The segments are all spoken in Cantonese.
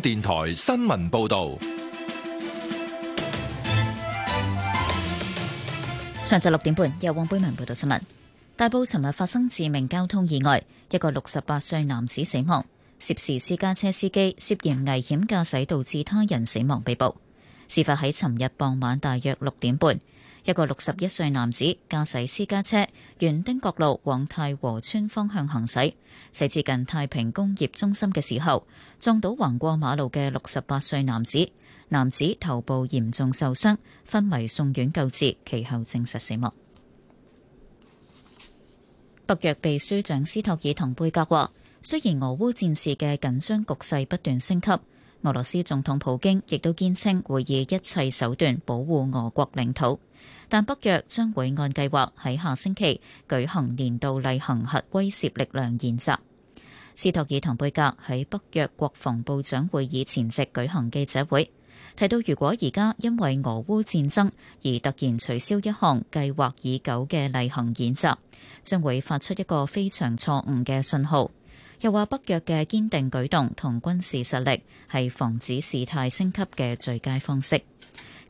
電台新聞報道：上晝六點半，由黃貝文報道新聞。大埔尋日發生致命交通意外，一個六十八歲男子死亡，涉事私家車司機涉嫌危險駕駛導致他人死亡被捕。事發喺尋日傍晚大約六點半。一個六十一歲男子駕駛私家車，沿丁角路往太和村方向行駛，駛至近太平工業中心嘅時候，撞到橫過馬路嘅六十八歲男子。男子頭部嚴重受傷，昏迷送院救治，其後證實死亡。北約秘書長斯托爾滕貝格話，雖然俄烏戰事嘅緊張局勢不斷升級，俄羅斯總統普京亦都堅稱會以一切手段保護俄國領土。但北約將會按計劃喺下星期舉行年度例行核威懾力量演習。斯托爾滕貝格喺北約國防部長會議前夕舉行記者會，提到如果而家因為俄烏戰爭而突然取消一項計劃已久嘅例行演習，將會發出一個非常錯誤嘅信號。又話北約嘅堅定舉動同軍事實力係防止事態升級嘅最佳方式。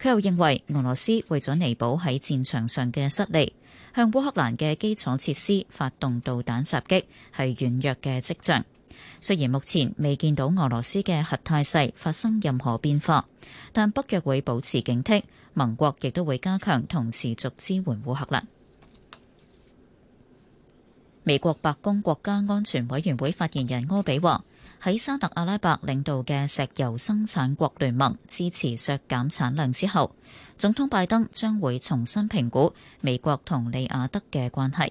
佢又認為，俄羅斯為咗彌補喺戰場上嘅失利，向烏克蘭嘅基礎設施發動導彈襲擊，係軟弱嘅跡象。雖然目前未見到俄羅斯嘅核態勢發生任何變化，但北約會保持警惕，盟國亦都會加強同持續支援烏克蘭。美國白宮國家安全委員會發言人柯比話。喺沙特阿拉伯領導嘅石油生產國聯盟支持削減產量之後，總統拜登將會重新評估美國同利雅德嘅關係。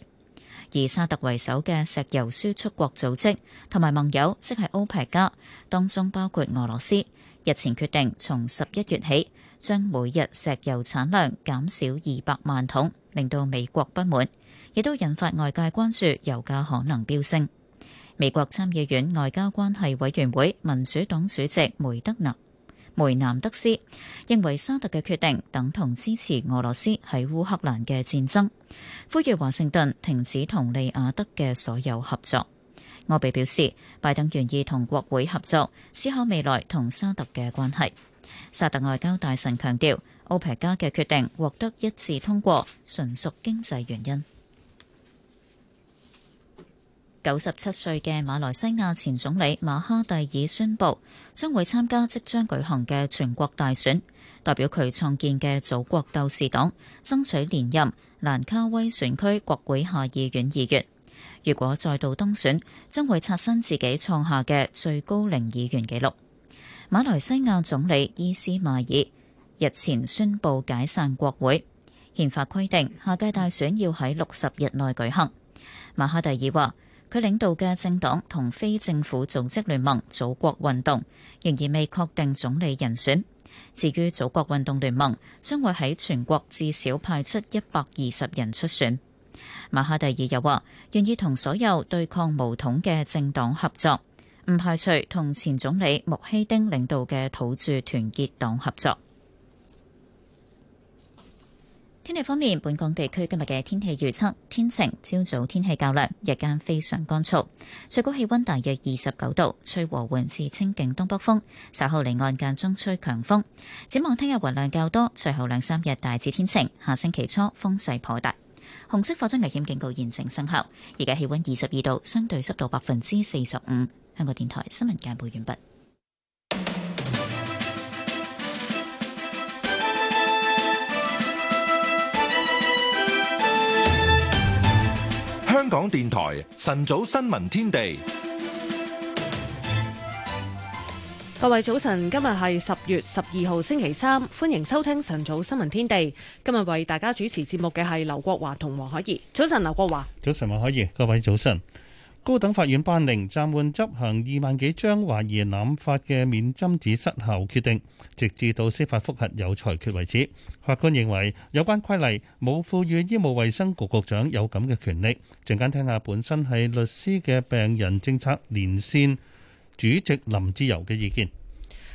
以沙特為首嘅石油輸出國組織同埋盟友，即係 OPEC 加，當中包括俄羅斯，日前決定從十一月起將每日石油產量減少二百萬桶，令到美國不滿，亦都引發外界關注油價可能飆升。美國參議院外交關係委員會民主黨主席梅德納梅南德斯認為沙特嘅決定等同支持俄羅斯喺烏克蘭嘅戰爭，呼籲華盛頓停止同利雅得嘅所有合作。奧比表示，拜登願意同國會合作，思考未來同沙特嘅關係。沙特外交大臣強調，奧皮加嘅決定獲得一致通過純屬經濟原因。九十七歲嘅馬來西亞前總理馬哈蒂爾宣布，將會參加即將舉行嘅全國大選，代表佢創建嘅祖國鬥士黨爭取連任蘭卡威選區國會下議院議員。如果再度當選，將會刷新自己創下嘅最高齡議員紀錄。馬來西亞總理伊斯邁爾日前宣布解散國會，憲法規定下屆大選要喺六十日內舉行。馬哈蒂爾話：佢領導嘅政黨同非政府組織聯盟「祖國運動」仍然未確定總理人選。至於祖國運動聯盟將會喺全國至少派出一百二十人出選。馬哈蒂爾又話願意同所有對抗巫統嘅政黨合作，唔排除同前總理穆希丁領導嘅土著團結黨合作。天氣方面，本港地區今日嘅天氣預測天晴，朝早天氣較涼，日間非常乾燥，最高氣溫大約二十九度，吹和緩至清勁東北風。稍後離岸間中吹強風。展望聽日雲量較多，隨後兩三日大致天晴，下星期初風勢頗大。紅色火災危險警告現正生效，而家氣溫二十二度，相對濕度百分之四十五。香港電台新聞簡報完畢。香港電台晨早新聞天地，各位早晨，今日係十月十二號星期三，歡迎收聽晨早新聞天地。今日為大家主持節目嘅係劉國華同黃海怡。早晨，劉國華。早晨，黃海怡。各位早晨。高等法院判令暫緩執行二萬幾張懷疑濫發嘅免針紙失效決定，直至到司法復核有裁決為止。法官認為有關規例冇賦予醫務衛生局局長有咁嘅權力。陣間聽下本身係律師嘅病人政策連線主席林志由嘅意見。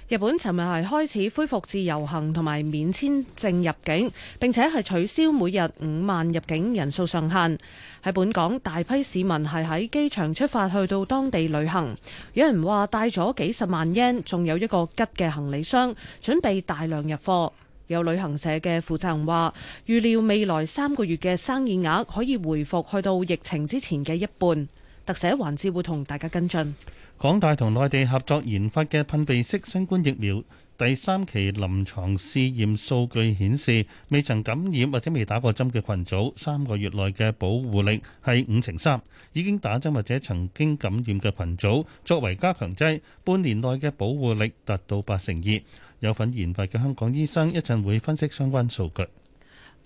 日本尋日係開始恢復自由行同埋免簽證入境，並且係取消每日五萬入境人數上限。喺本港，大批市民係喺機場出發去到當地旅行。有人話帶咗幾十萬日圓，仲有一個吉嘅行李箱，準備大量入貨。有旅行社嘅負責人話，預料未來三個月嘅生意額可以回復去到疫情之前嘅一半。特寫環節會同大家跟進。港大同內地合作研發嘅噴鼻式新冠疫苗第三期臨床試驗數據顯示，未曾感染或者未打過針嘅群組三個月內嘅保護力係五成三；已經打針或者曾經感染嘅群組作為加強劑，半年內嘅保護力達到八成二。有份研發嘅香港醫生一陣會分析相關數據。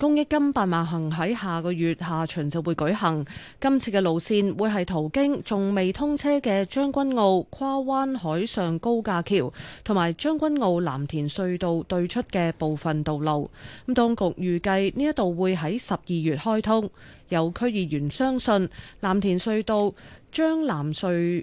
公益金百萬行喺下個月下旬就會舉行，今次嘅路線會係途經仲未通車嘅將軍澳跨灣海上高架橋同埋將軍澳藍田隧道對出嘅部分道路。咁當局預計呢一度會喺十二月開通。有區議員相信藍田隧道將南隧。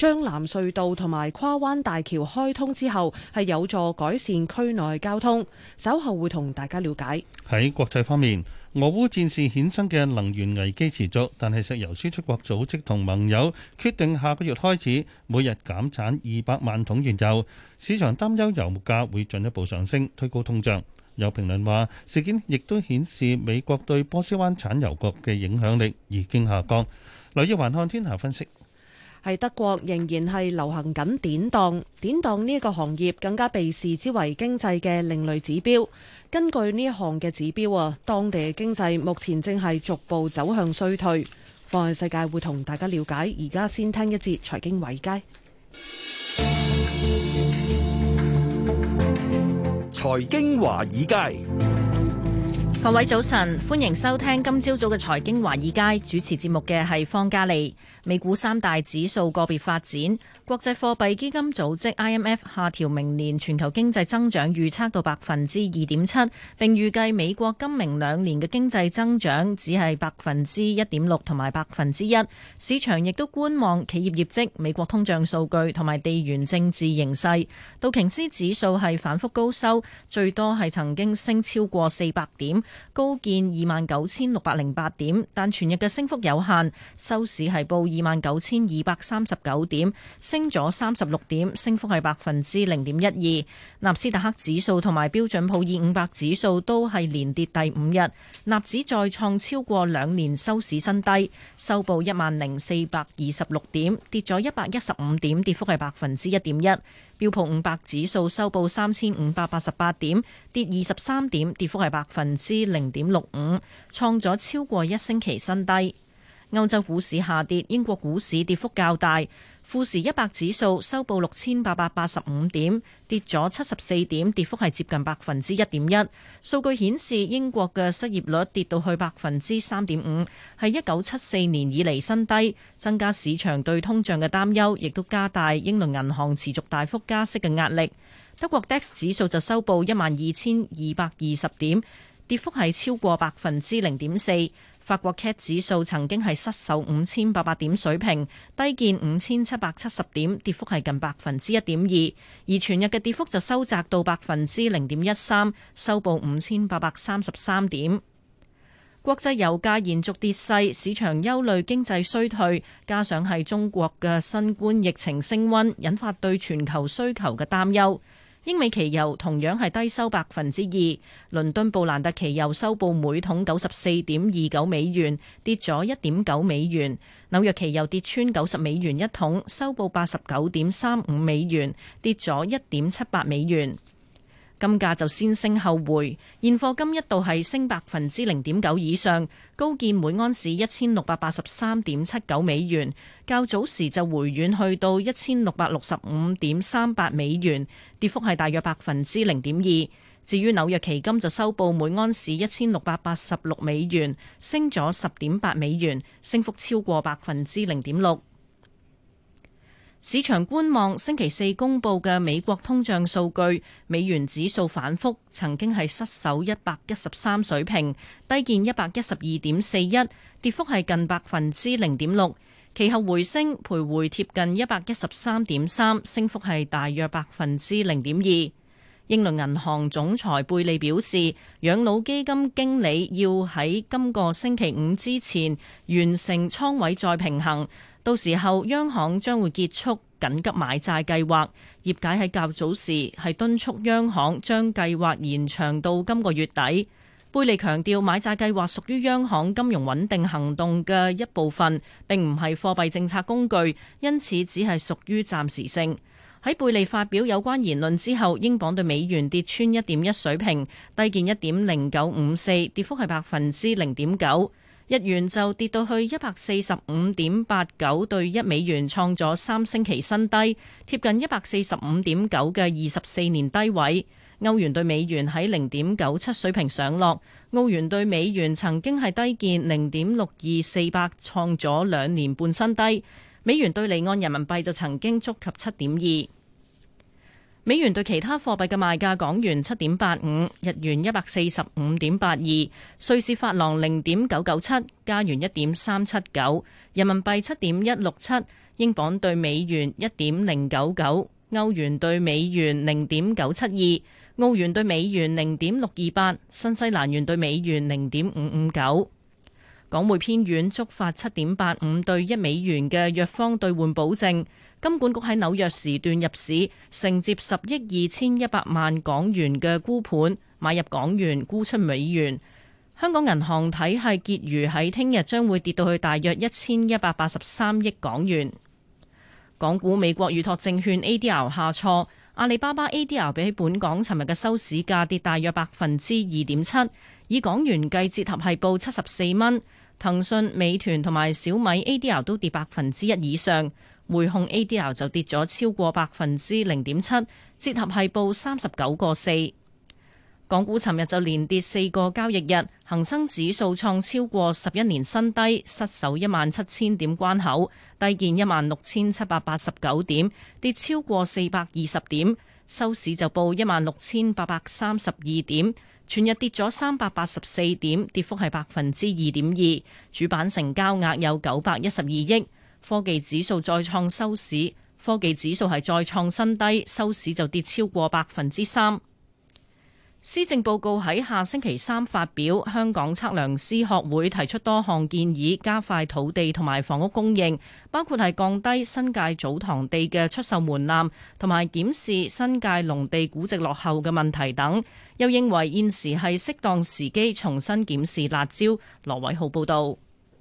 將藍隧道同埋跨灣大橋開通之後，係有助改善區內交通。稍後會同大家了解。喺國際方面，俄烏戰事衍生嘅能源危機持續，但係石油輸出國組織同盟友決定下個月開始每日減產二百萬桶原油，市場擔憂油，油價會進一步上升，推高通脹。有評論話事件亦都顯示美國對波斯灣產油國嘅影響力已經下降。留意環看天下分析。係德國仍然係流行緊典當，典當呢個行業更加被視之為經濟嘅另類指標。根據呢一項嘅指標啊，當地嘅經濟目前正係逐步走向衰退。方世界會同大家了解，而家先聽一節財經華爾街。財經華爾街，各位早晨，歡迎收聽今朝早嘅財經華爾街。主持節目嘅係方嘉利。美股三大指數個別發展，國際貨幣基金組織 IMF 下調明年全球經濟增長預測到百分之二點七，並預計美國今明兩年嘅經濟增長只係百分之一點六同埋百分之一。市場亦都觀望企業業績、美國通脹數據同埋地緣政治形勢。道瓊斯指數係反覆高收，最多係曾經升超過四百點，高見二萬九千六百零八點，但全日嘅升幅有限，收市係報，二萬九千二百三十九點，升咗三十六點，升幅係百分之零點一二。納斯達克指數同埋標準普爾五百指數都係連跌第五日，納指再創超過兩年收市新低，收報一萬零四百二十六點，跌咗一百一十五點，跌幅係百分之一點一。標普五百指數收報三千五百八十八點，跌二十三點，跌幅係百分之零點六五，創咗超過一星期新低。歐洲股市下跌，英國股市跌幅較大。富時一百指數收報六千八百八十五點，跌咗七十四點，跌幅係接近百分之一點一。數據顯示，英國嘅失業率跌到去百分之三點五，係一九七四年以嚟新低，增加市場對通脹嘅擔憂，亦都加大英倫銀行持續大幅加息嘅壓力。德國 DAX 指數就收報一萬二千二百二十點，跌幅係超過百分之零點四。法國 CAC 指數曾經係失守五千八百點水平，低見五千七百七十點，跌幅係近百分之一點二。而全日嘅跌幅就收窄到百分之零點一三，收報五千八百三十三點。國際油價延續跌勢，市場憂慮經濟衰退，加上係中國嘅新冠疫情升温，引發對全球需求嘅擔憂。英美期油同樣係低收百分之二，倫敦布蘭特期油收報每桶九十四點二九美元，跌咗一點九美元。紐約期油跌穿九十美元一桶，收報八十九點三五美元，跌咗一點七八美元。金價就先升後回，現貨金一度係升百分之零點九以上，高見每安士一千六百八十三點七九美元。較早時就回軟去到一千六百六十五點三八美元，跌幅係大約百分之零點二。至於紐約期金就收報每安士一千六百八十六美元，升咗十點八美元，升幅超過百分之零點六。市場觀望星期四公布嘅美國通脹數據，美元指數反覆，曾經係失守一百一十三水平，低見一百一十二點四一，跌幅係近百分之零點六。其後回升，徘徊貼近一百一十三點三，升幅係大約百分之零點二。英倫銀行總裁貝利表示，養老基金經理要喺今個星期五之前完成倉位再平衡。到時候，央行將會結束緊急買債計劃。業界喺較早時係敦促央行將計劃延長到今個月底。貝利強調，買債計劃屬於央行金融穩定行動嘅一部分，並唔係貨幣政策工具，因此只係屬於暫時性。喺貝利發表有關言論之後，英鎊對美元跌穿一點一水平，低見一點零九五四，跌幅係百分之零點九。日元就跌到去一百四十五點八九兌一美元，創咗三星期新低，貼近一百四十五點九嘅二十四年低位。歐元兌美元喺零點九七水平上落，澳元兌美元曾經係低見零點六二四八，創咗兩年半新低。美元兌離岸人民幣就曾經觸及七點二。美元對其他貨幣嘅賣價：港元七點八五，日元一百四十五點八二，瑞士法郎零點九九七，加元一點三七九，人民幣七點一六七，英鎊對美元一點零九九，歐元對美元零點九七二，澳元對美元零點六二八，新西蘭元對美元零點五五九。港匯偏軟，觸發七點八五兌一美元嘅弱方兌換保證。金管局喺紐約時段入市，承接十億二千一百萬港元嘅沽盤，買入港元沽出美元。香港銀行體系結餘喺聽日將會跌到去大約一千一百八十三億港元。港股美國預託證券 ADR 下挫，阿里巴巴 ADR 比起本港尋日嘅收市價跌大約百分之二點七，以港元計，折合係報七十四蚊。騰訊、美團同埋小米 ADR 都跌百分之一以上，匯控 ADR 就跌咗超過百分之零點七，折合係報三十九個四。港股尋日就連跌四個交易日，恒生指數創超過十一年新低，失守一萬七千點關口，低見一萬六千七百八十九點，跌超過四百二十點，收市就報一萬六千八百三十二點。全日跌咗三百八十四點，跌幅係百分之二點二。主板成交額有九百一十二億。科技指數再創收市，科技指數係再創新低，收市就跌超過百分之三。施政報告喺下星期三發表，香港測量師學會提出多項建議，加快土地同埋房屋供應，包括係降低新界祖堂地嘅出售門檻，同埋檢視新界農地估值落後嘅問題等。又認為現時係適當時機重新檢視辣招。羅偉浩報道。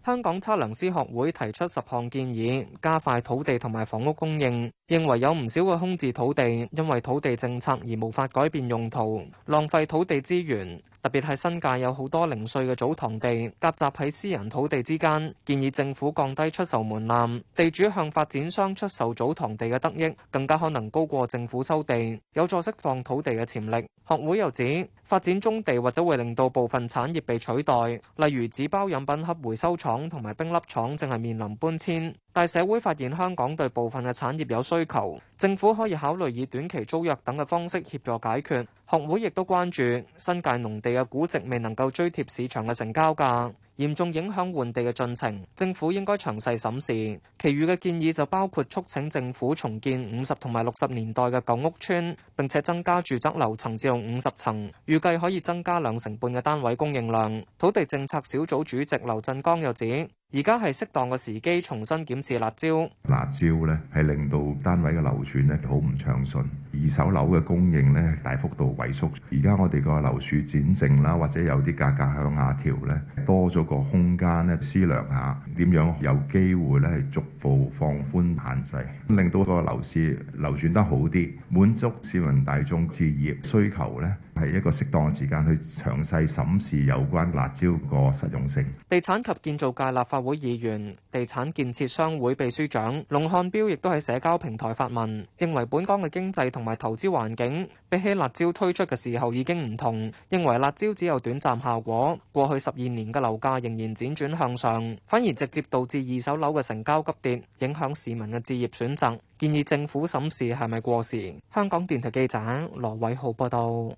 香港測量師學會提出十項建議，加快土地同埋房屋供應，認為有唔少嘅空置土地，因為土地政策而無法改變用途，浪費土地資源。特別係新界有好多零碎嘅祖堂地，夾雜喺私人土地之間，建議政府降低出售門檻。地主向發展商出售祖堂地嘅得益，更加可能高過政府收地，有助釋放土地嘅潛力。學會又指，發展棕地或者會令到部分產業被取代，例如紙包飲品盒回收廠同埋冰粒廠正係面臨搬遷。但社會發現香港對部分嘅產業有需求，政府可以考慮以短期租約等嘅方式協助解決。學會亦都關注新界農地嘅估值未能夠追貼市場嘅成交價。嚴重影響換地嘅進程，政府應該詳細審視。其餘嘅建議就包括促請政府重建五十同埋六十年代嘅舊屋邨，並且增加住宅樓層至用五十層，預計可以增加兩成半嘅單位供應量。土地政策小組主席劉振江又指，而家係適當嘅時機，重新檢視辣招。辣招咧係令到單位嘅流轉咧好唔暢順，二手樓嘅供應咧大幅度萎縮。而家我哋個樓市展靜啦，或者有啲價格，格向下調咧，多咗個空間咧思量下點樣有機會咧係逐步放寬限制，令到個樓市流轉得好啲，滿足市民大眾置業需求咧。係一個適當時間去詳細審視有關辣椒個實用性。地產及建造界立法會議員、地產建設商會秘書長龍漢標亦都喺社交平台發問，認為本港嘅經濟同埋投資環境比起辣椒推出嘅時候已經唔同，認為辣椒只有短暫效果。過去十二年嘅樓價仍然輾轉向上，反而直接導致二手樓嘅成交急跌，影響市民嘅置業選擇，建議政府審視係咪過時，香港電台記者羅偉浩報道。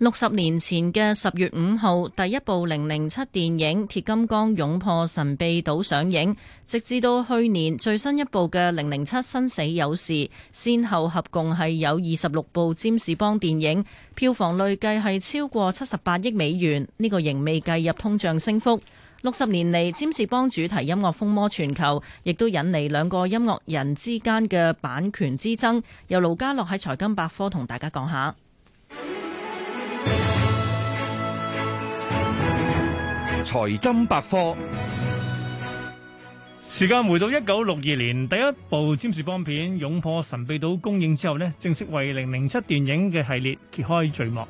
六十年前嘅十月五號，第一部《零零七》電影《鐵金剛勇破神秘島》上映，直至到去年最新一部嘅《零零七生死有事》，先後合共係有二十六部占士邦電影，票房累計係超過七十八億美元。呢、這個仍未計入通脹升幅。六十年嚟，占士邦主題音樂風靡全球，亦都引嚟兩個音樂人之間嘅版權之爭。由盧家樂喺財金百科同大家講下。財金百科，時間回到一九六二年，第一部占士邦片《勇破神秘島》公映之後咧，正式為零零七電影嘅系列揭開序幕。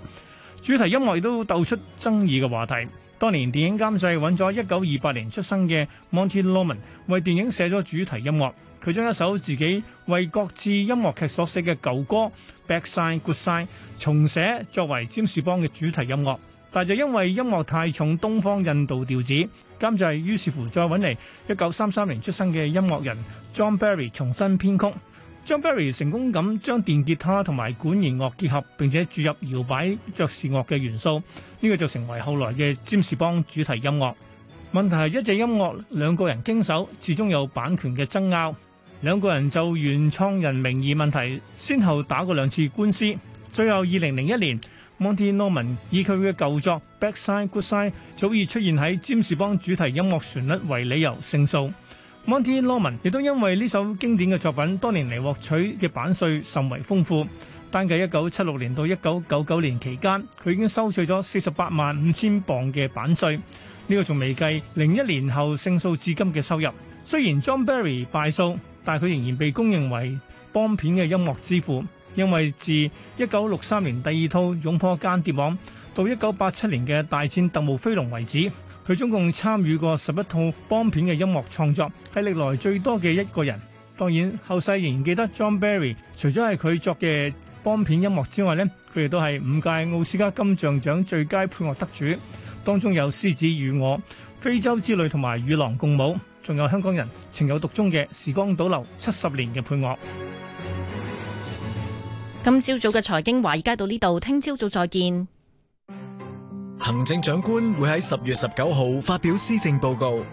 主題音樂亦都斗出爭議嘅話題。當年電影監製揾咗一九二八年出生嘅 Monty Norman 為電影寫咗主題音樂，佢將一首自己為各自音樂劇所寫嘅舊歌《Backside Goodside》重寫作為占士邦嘅主題音樂。但就因為音樂太重東方印度調子，監製於是乎再揾嚟一九三三年出生嘅音樂人 John Barry 重新編曲。John Barry 成功咁將電吉他同埋管弦樂結合，並且注入搖擺爵士樂嘅元素，呢個就成為後來嘅《詹士邦》主題音樂。問題係一隻音樂兩個人經手，始終有版權嘅爭拗。兩個人就原創人名義問題，先後打過兩次官司，最後二零零一年，Monty Norman 以佢嘅舊作《Bad Sign Good Sign》早已出現喺《占士邦》主題音樂旋律為理由勝訴。Monty Norman 亦都因為呢首經典嘅作品多年嚟獲取嘅版稅甚為豐富，單計一九七六年到一九九九年期間，佢已經收取咗四十八萬五千鎊嘅版稅。呢、這個仲未計零一年後勝訴至今嘅收入。雖然 John Barry 敗訴，但佢仍然被公認為邦片嘅音樂之父。因為自一九六三年第二套《勇破間諜網》到一九八七年嘅大戰《特務飛龍》為止，佢總共參與過十一套邦片嘅音樂創作，係歷來最多嘅一個人。當然，後世仍然記得 John Barry。除咗係佢作嘅邦片音樂之外咧，佢亦都係五屆奧斯卡金像獎最佳配樂得主，當中有《獅子與我》、《非洲之旅》同埋《與狼共舞》，仲有香港人情有獨鍾嘅《時光倒流七十年》嘅配樂。今朝早嘅財經華爾街到呢度，聽朝早再見。行政長官會喺十月十九號發表施政報告，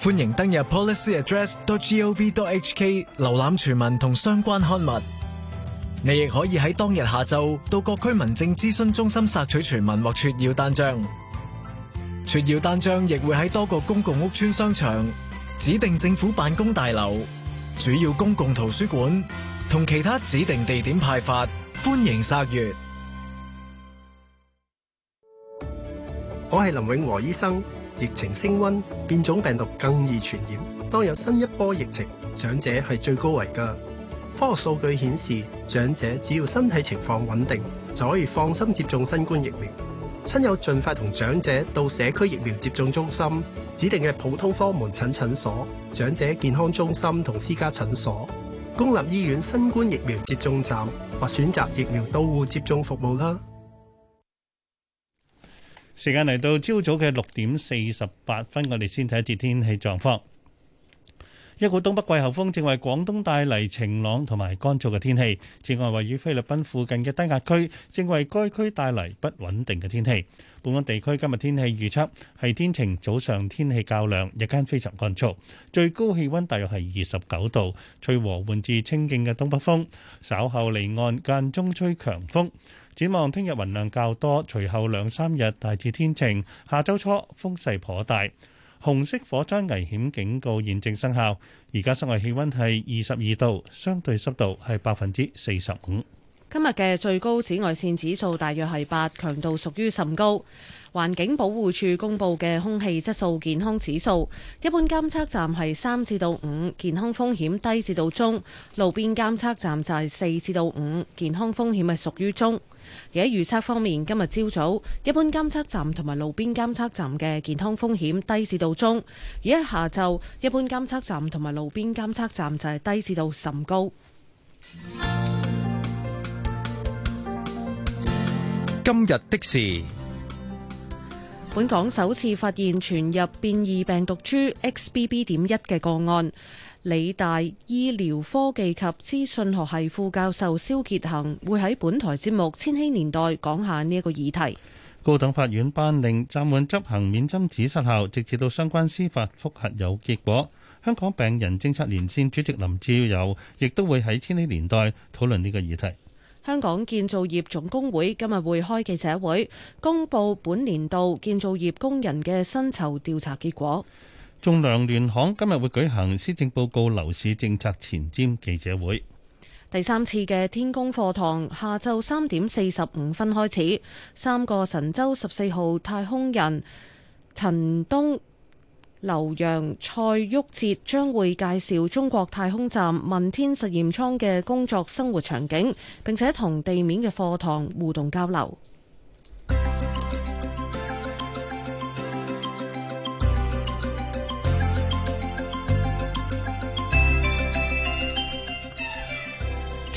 歡迎登入 policyaddress.gov.hk 瀏覽全文同相關刊物。你亦可以喺當日下晝到各區民政諮詢中心索取全文或撮要單張。撮要單張亦會喺多個公共屋邨、商場、指定政府辦公大樓、主要公共圖書館。同其他指定地點派發，歡迎殺月。我係林永和醫生。疫情升溫，變種病毒更易傳染。當有新一波疫情，長者係最高危噶。科學數據顯示，長者只要身體情況穩定，就可以放心接種新冠疫苗。親友盡快同長者到社區疫苗接種中心、指定嘅普通科門診診所、長者健康中心同私家診所。公立醫院新冠疫苗接種站，或選擇疫苗到戶接種服務啦。時間嚟到朝早嘅六點四十八分，我哋先睇一節天氣狀況。一股東北季候風正為廣東帶嚟晴朗同埋乾燥嘅天氣，此外，位於菲律賓附近嘅低壓區正為該區帶嚟不穩定嘅天氣。本港地區今日天氣預測係天晴，早上天氣較涼，日間非常乾燥，最高氣溫大約係二十九度，吹和緩至清勁嘅東北風，稍後離岸間中吹強風，展望聽日雲量較多，隨後兩三日大致天晴，下周初風勢頗大。紅色火災危險警告現正生效。而家室外氣溫係二十二度，相對濕度係百分之四十五。今日嘅最高紫外線指數大約係八，強度屬於甚高。環境保護署公布嘅空氣質素健康指數，一般監測站係三至到五，健康風險低至到中；路邊監測站就係四至到五，健康風險係屬於中。而喺預測方面，今日朝早一般監測站同埋路邊監測站嘅健康風險低至到中；而喺下晝，一般監測站同埋路邊監測站就係低至到甚高。今日的事，本港首次發現傳入變異病毒株 XBB 點一嘅個案。理大醫療科技及資訊學系副教授蕭傑恒會喺本台節目《千禧年代》講下呢一個議題。高等法院頒令暫緩執行免針紙失效，直至到相關司法覆核有結果。香港病人政策連線主席林志友亦都會喺《千禧年代》討論呢個議題。香港建造業總工會今日會開記者會，公布本年度建造業工人嘅薪酬調查結果。仲量聯行今日會舉行施政報告樓市政策前瞻記者會。第三次嘅天宮課堂下晝三點四十五分開始，三個神舟十四號太空人陳冬、劉洋、蔡旭哲，將會介紹中國太空站問天實驗艙嘅工作生活場景，並且同地面嘅課堂互動交流。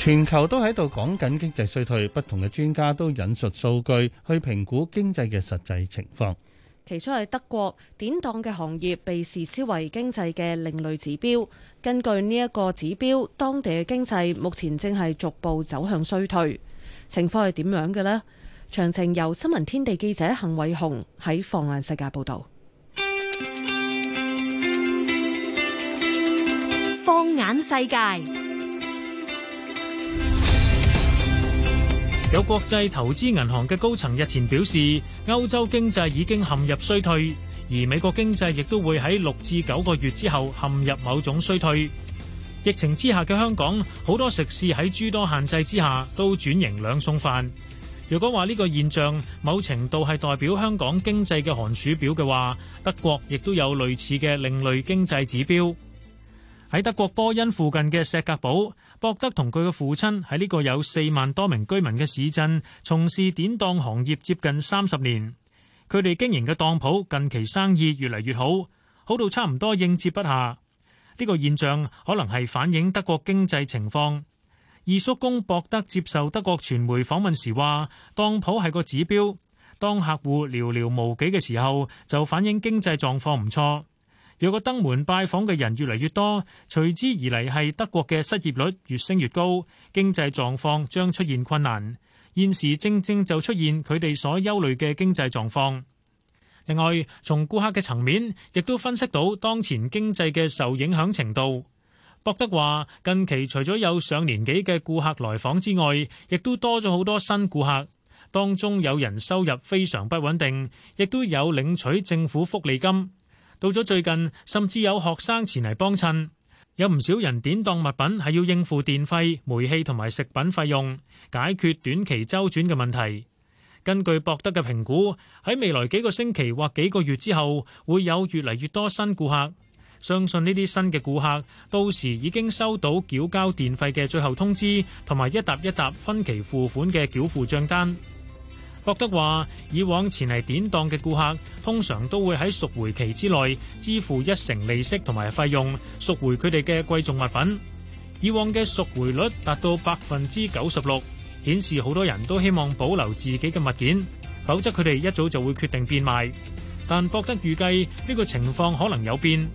全球都喺度講緊經濟衰退，不同嘅專家都引述數據去評估經濟嘅實際情況。其中喺德國，典當嘅行業被視之為經濟嘅另類指標。根據呢一個指標，當地嘅經濟目前正係逐步走向衰退。情況係點樣嘅呢？詳情由新聞天地記者幸偉雄喺放眼世界報道。放眼世界。有國際投資銀行嘅高層日前表示，歐洲經濟已經陷入衰退，而美國經濟亦都會喺六至九個月之後陷入某種衰退。疫情之下嘅香港，好多食肆喺諸多限制之下都轉型兩餸飯。如果話呢個現象某程度係代表香港經濟嘅寒暑表嘅話，德國亦都有類似嘅另類經濟指標。喺德國波恩附近嘅石格堡。博德同佢嘅父親喺呢個有四萬多名居民嘅市鎮，從事典當行業接近三十年。佢哋經營嘅當鋪近期生意越嚟越好，好到差唔多應接不下。呢個現象可能係反映德國經濟情況。二叔公博德接受德國傳媒訪問時話：當鋪係個指標，當客戶寥寥無幾嘅時候，就反映經濟狀況唔錯。有個登門拜訪嘅人越嚟越多，隨之而嚟係德國嘅失業率越升越高，經濟狀況將出現困難。現時正正就出現佢哋所憂慮嘅經濟狀況。另外，從顧客嘅層面，亦都分析到當前經濟嘅受影響程度。博德話：近期除咗有上年紀嘅顧客來訪之外，亦都多咗好多新顧客，當中有人收入非常不穩定，亦都有領取政府福利金。到咗最近，甚至有學生前嚟幫襯，有唔少人典當物品係要應付電費、煤氣同埋食品費用，解決短期週轉嘅問題。根據博德嘅評估，喺未來幾個星期或幾個月之後，會有越嚟越多新顧客。相信呢啲新嘅顧客到時已經收到繳交電費嘅最後通知，同埋一沓一沓分期付款嘅繳付賬單。博德話：以往前嚟典當嘅顧客通常都會喺贖回期之內支付一成利息同埋費用贖回佢哋嘅貴重物品。以往嘅贖回率達到百分之九十六，顯示好多人都希望保留自己嘅物件，否則佢哋一早就會決定變賣。但博德預計呢、這個情況可能有變，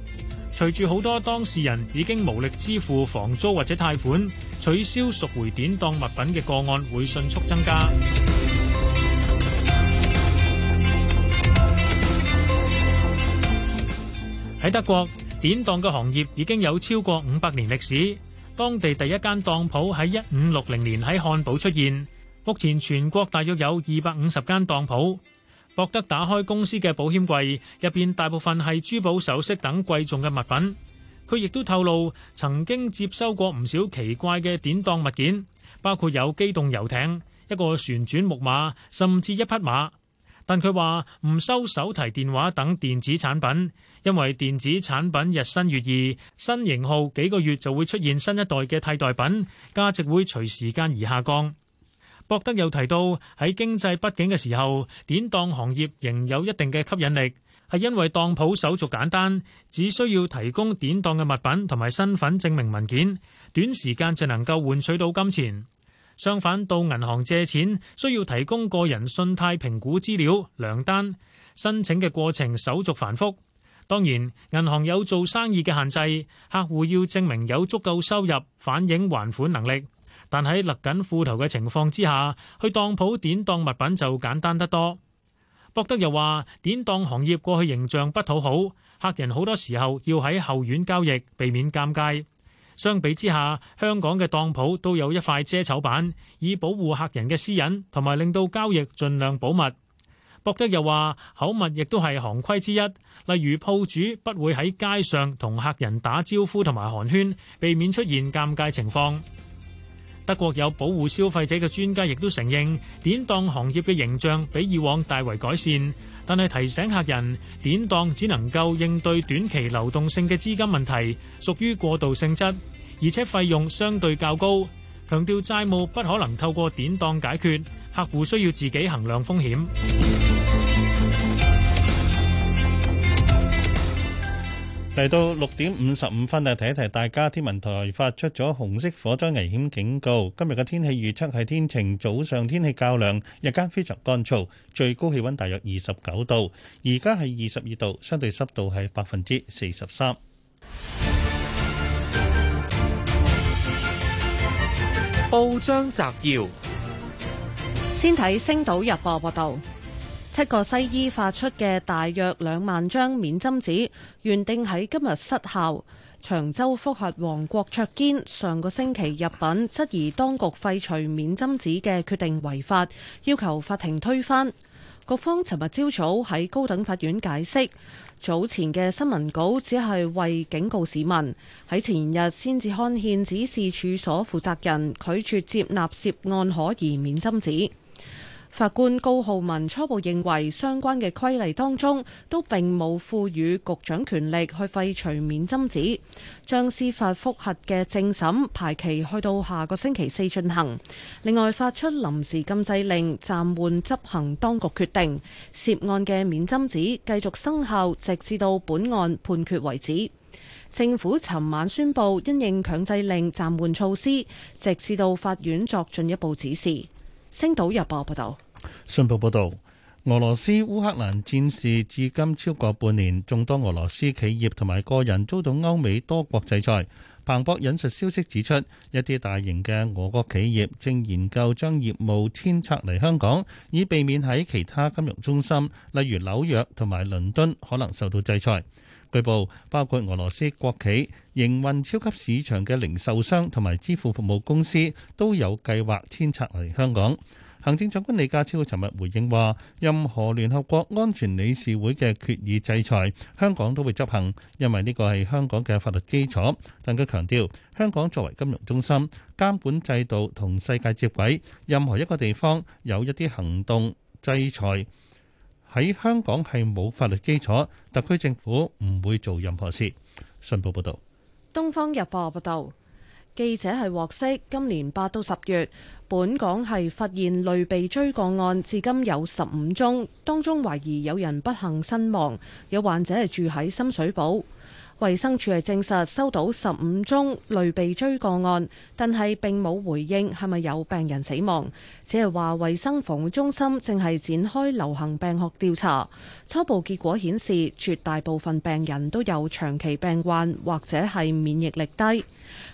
隨住好多當事人已經無力支付房租或者貸款，取消贖回典當物品嘅個案會迅速增加。喺德國，典當嘅行業已經有超過五百年歷史。當地第一間當鋪喺一五六零年喺漢堡出現。目前全國大約有二百五十間當鋪。博德打開公司嘅保險櫃，入邊大部分係珠寶首飾等貴重嘅物品。佢亦都透露曾經接收過唔少奇怪嘅典當物件，包括有機動遊艇、一個旋轉木馬，甚至一匹馬。但佢話唔收手提電話等電子產品。因為電子產品日新月異，新型號幾個月就會出現新一代嘅替代品，價值會隨時間而下降。博德又提到喺經濟不景嘅時候，典當行業仍有一定嘅吸引力，係因為當鋪手續簡單，只需要提供典當嘅物品同埋身份證明文件，短時間就能夠換取到金錢。相反，到銀行借錢需要提供個人信貸評估資料、糧單，申請嘅過程手續繁複。當然，銀行有做生意嘅限制，客戶要證明有足夠收入反映還款能力。但喺勒緊褲頭嘅情況之下，去當鋪典當物品就簡單得多。博德又話：典當行業過去形象不討好，客人好多時候要喺後院交易，避免尷尬。相比之下，香港嘅當鋪都有一塊遮醜板，以保護客人嘅私隱，同埋令到交易盡量保密。博德又話：口密亦都係行規之一。例如，鋪主不會喺街上同客人打招呼同埋寒暄，避免出現尷尬情況。德國有保護消費者嘅專家亦都承認，典當行業嘅形象比以往大為改善，但係提醒客人，典當只能夠應對短期流動性嘅資金問題，屬於過渡性質，而且費用相對較高。強調債務不可能透過典當解決，客戶需要自己衡量風險。嚟到六點五十五分，提一提大家，天文台發出咗紅色火災危險警告。今日嘅天氣預測係天晴，早上天氣較涼，日間非常乾燥，最高氣溫大約二十九度，而家係二十二度，相對濕度係百分之四十三。報章摘要，先睇星島日報報道。七個西醫發出嘅大約兩萬張免針紙，原定喺今日失效。長洲覆核王郭卓堅上個星期入禀，質疑當局廢除免針紙嘅決定違法，要求法庭推翻。局方尋日朝早喺高等法院解釋，早前嘅新聞稿只係為警告市民，喺前日先至刊憲指示處所負責人拒絕接納涉案可疑免針紙。法官高浩文初步認為，相關嘅規例當中都並冇賦予局長權力去廢除免針紙，將司法覆核嘅正審排期去到下個星期四進行。另外，發出臨時禁制令暫緩執行當局決定，涉案嘅免針紙繼續生效，直至到本案判決為止。政府尋晚宣布因應強制令暫緩措施，直至到法院作進一步指示。星島日報報道，信報報道，俄羅斯烏克蘭戰事至今超過半年，眾多俄羅斯企業同埋個人遭到歐美多國制裁。彭博引述消息指出，一啲大型嘅俄國企業正研究將業務遷冊嚟香港，以避免喺其他金融中心，例如紐約同埋倫敦，可能受到制裁。據報，包括俄羅斯國企營運超級市場嘅零售商同埋支付服務公司都有計劃遷冊嚟香港。行政長官李家超尋日回應話，任何聯合國安全理事會嘅決議制裁，香港都會執行，因為呢個係香港嘅法律基礎。但佢強調，香港作為金融中心，監管制度同世界接軌，任何一個地方有一啲行動制裁，喺香港係冇法律基礎，特區政府唔會做任何事。信報報導，東方日報報道，記者係獲悉，今年八到十月，本港係發現類鼻疽個案，至今有十五宗，當中懷疑有人不幸身亡，有患者係住喺深水埗。衛生署係證實收到十五宗類鼻疽個案，但係並冇回應係咪有病人死亡。只係話衛生防護中心正係展開流行病學調查，初步結果顯示絕大部分病人都有長期病患或者係免疫力低。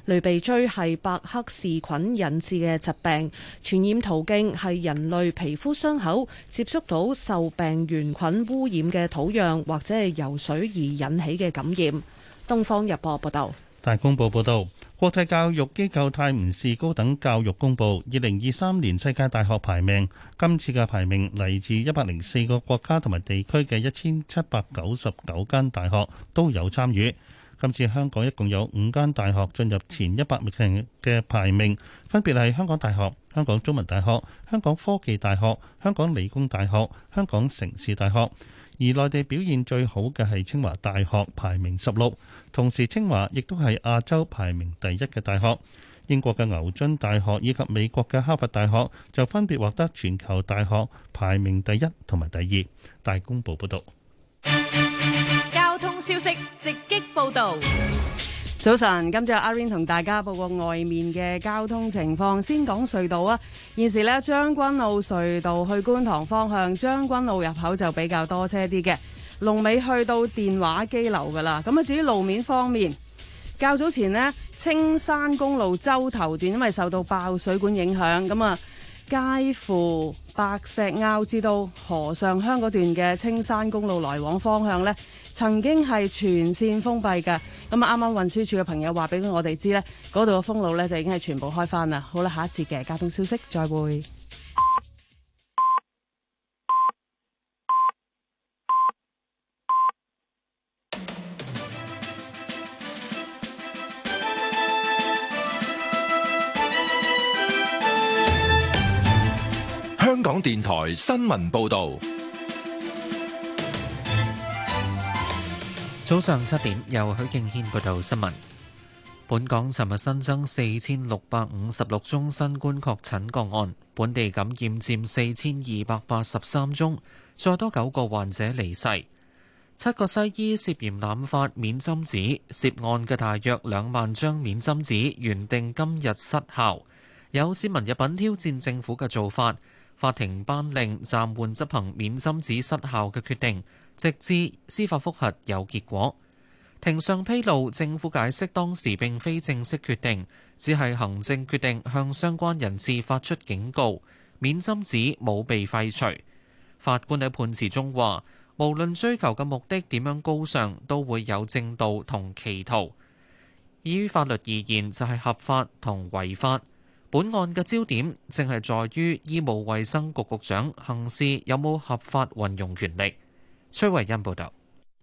類鼻疽係伯克氏菌引致嘅疾病，傳染途徑係人類皮膚傷口接觸到受病原菌污染嘅土壤或者係游水而引起嘅感染。東方日報報道，大公報報道，國際教育機構泰晤士高等教育公布二零二三年世界大學排名。今次嘅排名嚟自一百零四個國家同埋地區嘅一千七百九十九間大學都有參與。今次香港一共有五間大學進入前一百名嘅排名，分別係香港大學、香港中文大學、香港科技大學、香港理工大學、香港城市大學。而內地表現最好嘅係清華大學，排名十六，同時清華亦都係亞洲排名第一嘅大學。英國嘅牛津大學以及美國嘅哈佛大學就分別獲得全球大學排名第一同埋第二。大公報報導。交通消息直擊報導。早晨，今朝阿 Rain 同大家報告外面嘅交通情況。先講隧道啊，現時咧將軍澳隧道去觀塘方向，將軍澳入口就比較多車啲嘅。龍尾去到電話機樓噶啦。咁啊，至於路面方面，較早前呢青山公路洲頭段因為受到爆水管影響，咁啊介乎白石坳至到河上鄉嗰段嘅青山公路來往方向呢。曾經係全線封閉嘅，咁啊啱啱運輸署嘅朋友話俾我哋知咧，嗰度嘅封路咧就已經係全部開翻啦。好啦，下一節嘅交通消息再會。香港電台新聞報導。早上七點，由許敬軒報道新聞。本港尋日新增四千六百五十六宗新冠確診個案，本地感染佔四千二百八十三宗，再多九個患者離世。七個西醫涉嫌濫發免針紙，涉案嘅大約兩萬張免針紙原定今日失效，有市民入稟挑戰政府嘅做法，法庭頒令暫緩執行免針紙失效嘅決定。直至司法覆核有結果，庭上披露政府解釋當時並非正式決定，只係行政決定，向相關人士發出警告。免針紙冇被廢除。法官喺判詞中話：無論追求嘅目的點樣高尚，都會有正道同歧途。以法律而言，就係、是、合法同違法。本案嘅焦點正係在於醫務衛生局局長行事有冇合法運用權力。崔慧欣報道，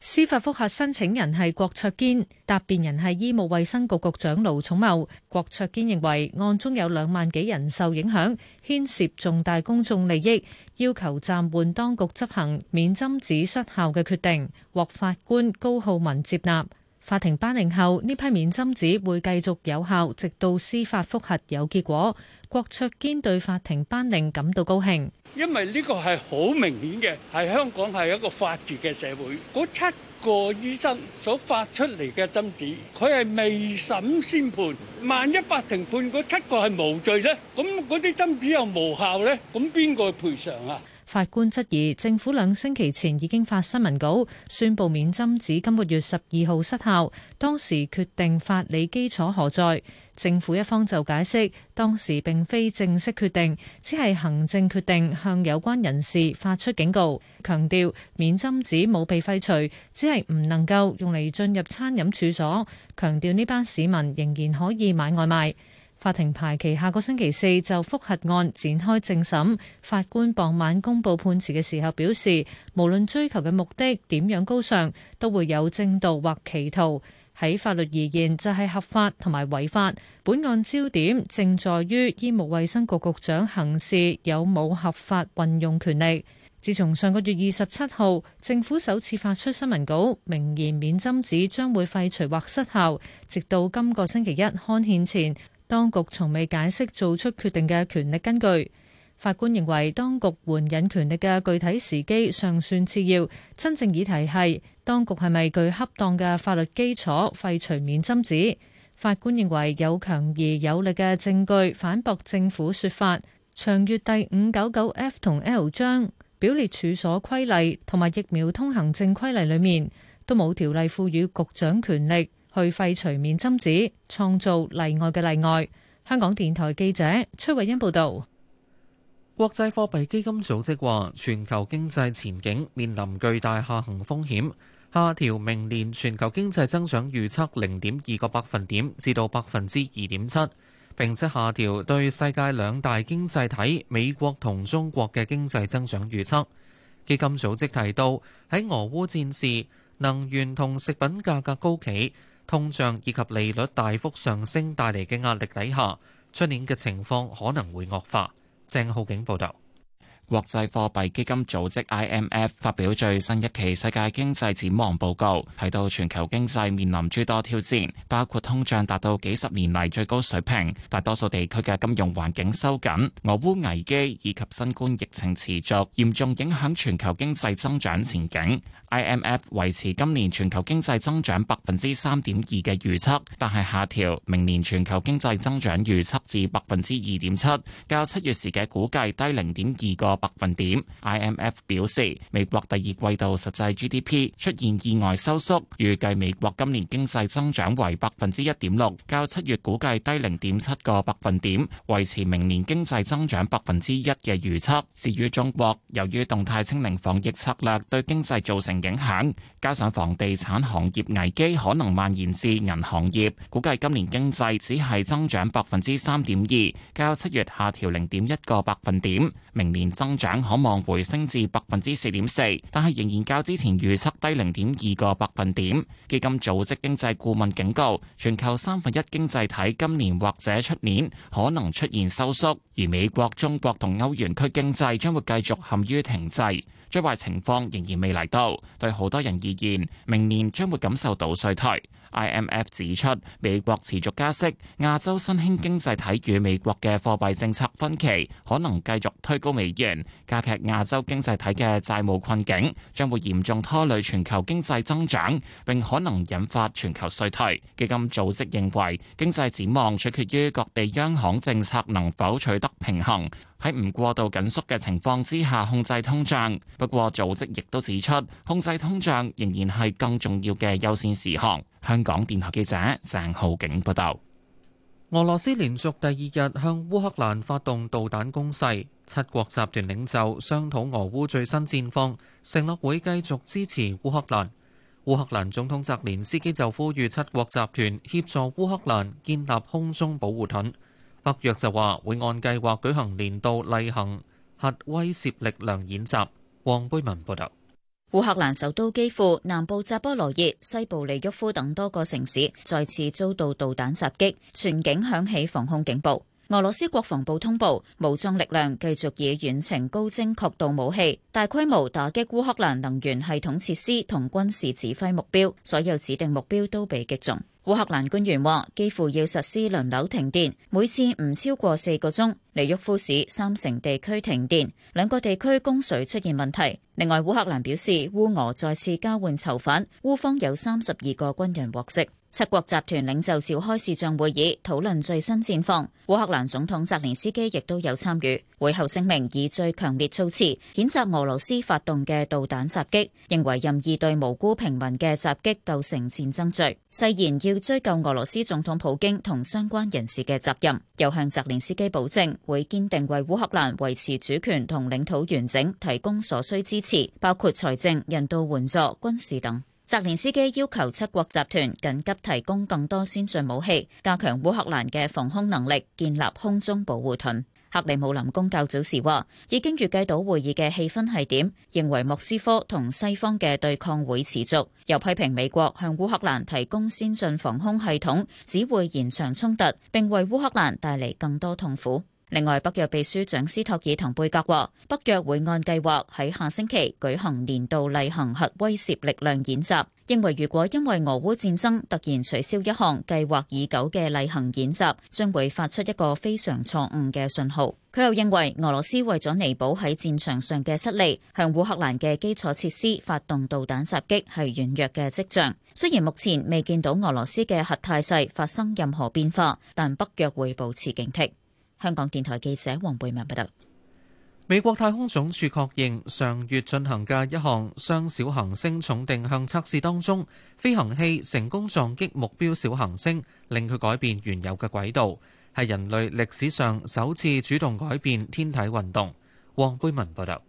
司法覆核申請人係郭卓堅，答辯人係醫務衛生局局長盧寵茂。郭卓堅認為案中有兩萬幾人受影響，牽涉重大公眾利益，要求暫緩當局執行免針紙失效嘅決定，獲法官高浩文接納。法庭頒令後，呢批免針紙會繼續有效，直到司法覆核有結果。郭卓堅對法庭頒令感到高興，因為呢個係好明顯嘅，係香港係一個法治嘅社會。嗰七個醫生所發出嚟嘅針紙，佢係未審先判。萬一法庭判嗰七個係無罪咧，咁嗰啲針紙又無效咧，咁邊個賠償啊？法官質疑政府兩星期前已經發新聞稿宣佈免針紙，今個月十二號失效，當時決定法理基礎何在？政府一方就解釋，當時並非正式決定，只係行政決定向有關人士發出警告，強調免針紙冇被廢除，只係唔能夠用嚟進入餐飲處所。強調呢班市民仍然可以買外賣。法庭排期下個星期四就複核案展開正審。法官傍晚公布判詞嘅時候表示，無論追求嘅目的點樣高尚，都會有正道或歧途。喺法律而言就係合法同埋違法。本案焦點正在於醫務衛生局局長行事有冇合法運用權力？自從上個月二十七號政府首次發出新聞稿，明言免針紙將會廢除或失效，直到今個星期一刊憲前，當局從未解釋做出決定嘅權力根據。法官認為，當局援引權力嘅具體時機尚算次要，真正議題係當局係咪具恰當嘅法律基礎廢除免針紙？法官認為有強而有力嘅證據反駁政府説法。長月第五九九 F 同 L 章表列處所規例，同埋疫苗通行證規例裡面都冇條例賦予局長權力去廢除免針紙，創造例外嘅例外。香港電台記者崔慧欣報道。國際貨幣基金組織話，全球經濟前景面臨巨大下行風險，下調明年全球經濟增長預測零點二個百分點至到百分之二點七，並且下調對世界兩大經濟體美國同中國嘅經濟增長預測。基金組織提到，喺俄烏戰事、能源同食品價格高企、通脹以及利率大幅上升帶嚟嘅壓力底下，出年嘅情況可能會惡化。鄭浩景報道。國際貨幣基金組織 （IMF） 發表最新一期世界經濟展望報告，提到全球經濟面臨諸多挑戰，包括通脹達到幾十年嚟最高水平，大多數地區嘅金融環境收緊，俄烏危機以及新冠疫情持續，嚴重影響全球經濟增長前景。IMF 維持今年全球經濟增長百分之三點二嘅預測，但係下調明年全球經濟增長預測至百分之二點七，較七月時嘅估計低零點二個。百分點，IMF 表示美國第二季度實際 GDP 出現意外收縮，預計美國今年經濟增長為百分之一點六，較七月估計低零點七個百分點，維持明年經濟增長百分之一嘅預測。至於中國，由於動態清零防疫策略對經濟造成影響，加上房地產行業危機可能蔓延至銀行業，估計今年經濟只係增長百分之三點二，較七月下調零點一個百分點，明年，增長可望回升至百分之四點四，但係仍然較之前預測低零點二個百分點。基金組織經濟顧問警告，全球三分一經濟體今年或者出年可能出現收縮，而美國、中國同歐元區經濟將會繼續陷於停滯。最壞情況仍然未嚟到，對好多人而言，明年將會感受到衰退。IMF 指出，美國持續加息，亞洲新興經濟體與美國嘅貨幣政策分歧，可能繼續推高美元，加劇亞洲經濟體嘅債務困境，將會嚴重拖累全球經濟增長，並可能引發全球衰退。基金組織認為，經濟展望取決於各地央行政策能否取得平衡。喺唔過度緊縮嘅情況之下控制通脹，不過組織亦都指出，控制通脹仍然係更重要嘅優先事項。香港電台記者鄭浩景報道。俄羅斯連續第二日向烏克蘭發動導彈攻勢，七國集團領袖商討俄烏最新戰況，承諾會繼續支持烏克蘭。烏克蘭總統澤連斯基就呼籲七國集團協助烏克蘭建立空中保護盾。北約就話會按計劃舉行年度例行核威懾力量演習。黃貝文報道。烏克蘭首都基輔、南部扎波羅熱、西部利沃夫等多個城市再次遭到導彈襲擊，全境響起防空警報。俄羅斯國防部通報，武裝力量繼續以遠程高精確度武器，大規模打擊烏克蘭能源系統設施同軍事指揮目標，所有指定目標都被擊中。烏克蘭官員話，幾乎要實施輪流停電，每次唔超過四個鐘。尼沃夫市三成地區停電，兩個地區供水出現問題。另外，烏克蘭表示烏俄再次交換囚犯，烏方有三十二個軍人獲釋。七國集團領袖召開視像會議，討論最新戰況。烏克蘭總統澤連斯基亦都有參與。會後聲明以最強烈措辭譴責俄羅斯發動嘅導彈襲擊，認為任意對無辜平民嘅襲擊構成戰爭罪，誓言要追究俄羅斯總統普京同相關人士嘅責任。又向澤連斯基保證會堅定為烏克蘭維持主權同領土完整提供所需支持，包括財政、人道援助、軍事等。澤連斯基要求七國集團緊急提供更多先進武器，加強烏克蘭嘅防空能力，建立空中保護盾。克里姆林宮較早時話，已經預計到會議嘅氣氛係點，認為莫斯科同西方嘅對抗會持續。又批評美國向烏克蘭提供先進防空系統只會延長衝突，並為烏克蘭帶嚟更多痛苦。另外，北約秘書長斯托爾滕貝格話，北約會按計劃喺下星期舉行年度例行核威懾力量演習，認為如果因為俄烏戰爭突然取消一項計劃已久嘅例行演習，將會發出一個非常錯誤嘅信號。佢又認為俄羅斯為咗彌補喺戰場上嘅失利，向烏克蘭嘅基礎設施發動導彈襲擊係軟弱嘅跡象。雖然目前未見到俄羅斯嘅核態勢發生任何變化，但北約會保持警惕。香港電台記者黃貝文報道，美國太空總署確認上月進行嘅一項雙小行星重定向測試當中，飛行器成功撞擊目標小行星，令佢改變原有嘅軌道，係人類歷史上首次主動改變天體運動。黃貝文報道，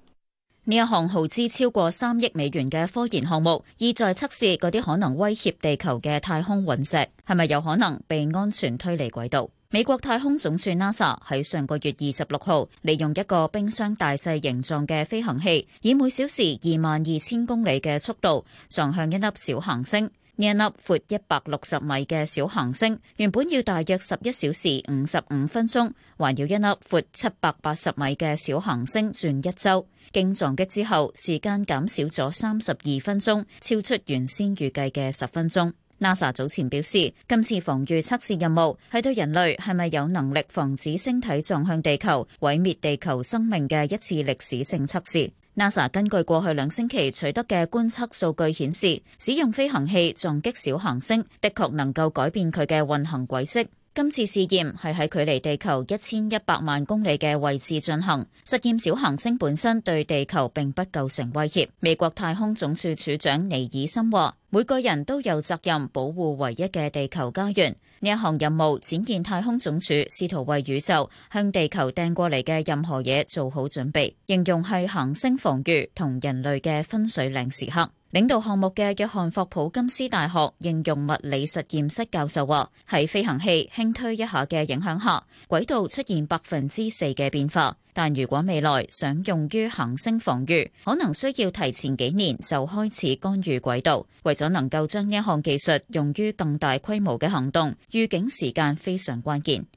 呢一項耗資超過三億美元嘅科研項目，意在測試嗰啲可能威脅地球嘅太空隕石係咪有可能被安全推離軌道。美國太空總署 NASA 喺上個月二十六號，利用一個冰箱大細形狀嘅飛行器，以每小時二萬二千公里嘅速度撞向一粒小行星。呢一粒闊一百六十米嘅小行星，原本要大約十一小時五十五分鐘，環繞一粒闊七百八十米嘅小行星轉一周。經撞擊之後，時間減少咗三十二分鐘，超出原先預計嘅十分鐘。NASA 早前表示，今次防禦測試任務係對人類係咪有能力防止星體撞向地球、毀滅地球生命嘅一次歷史性測試。NASA 根據過去兩星期取得嘅觀測數據顯示，使用飛行器撞擊小行星的確能夠改變佢嘅運行軌跡。今次試驗係喺距離地球一千一百萬公里嘅位置進行，實驗小行星本身對地球並不構成威脅。美國太空總署署長尼爾森話：每個人都有責任保護唯一嘅地球家園。呢一項任務展現太空總署試圖為宇宙向地球掟過嚟嘅任何嘢做好準備，形容係行星防御同人類嘅分水嶺時刻。領導項目嘅約翰霍普金斯大學應用物理實驗室教授話：喺飛行器輕推一下嘅影響下，軌道出現百分之四嘅變化。但如果未來想用於行星防禦，可能需要提前幾年就開始干預軌道。為咗能夠將一項技術用於更大規模嘅行動，預警時間非常關鍵。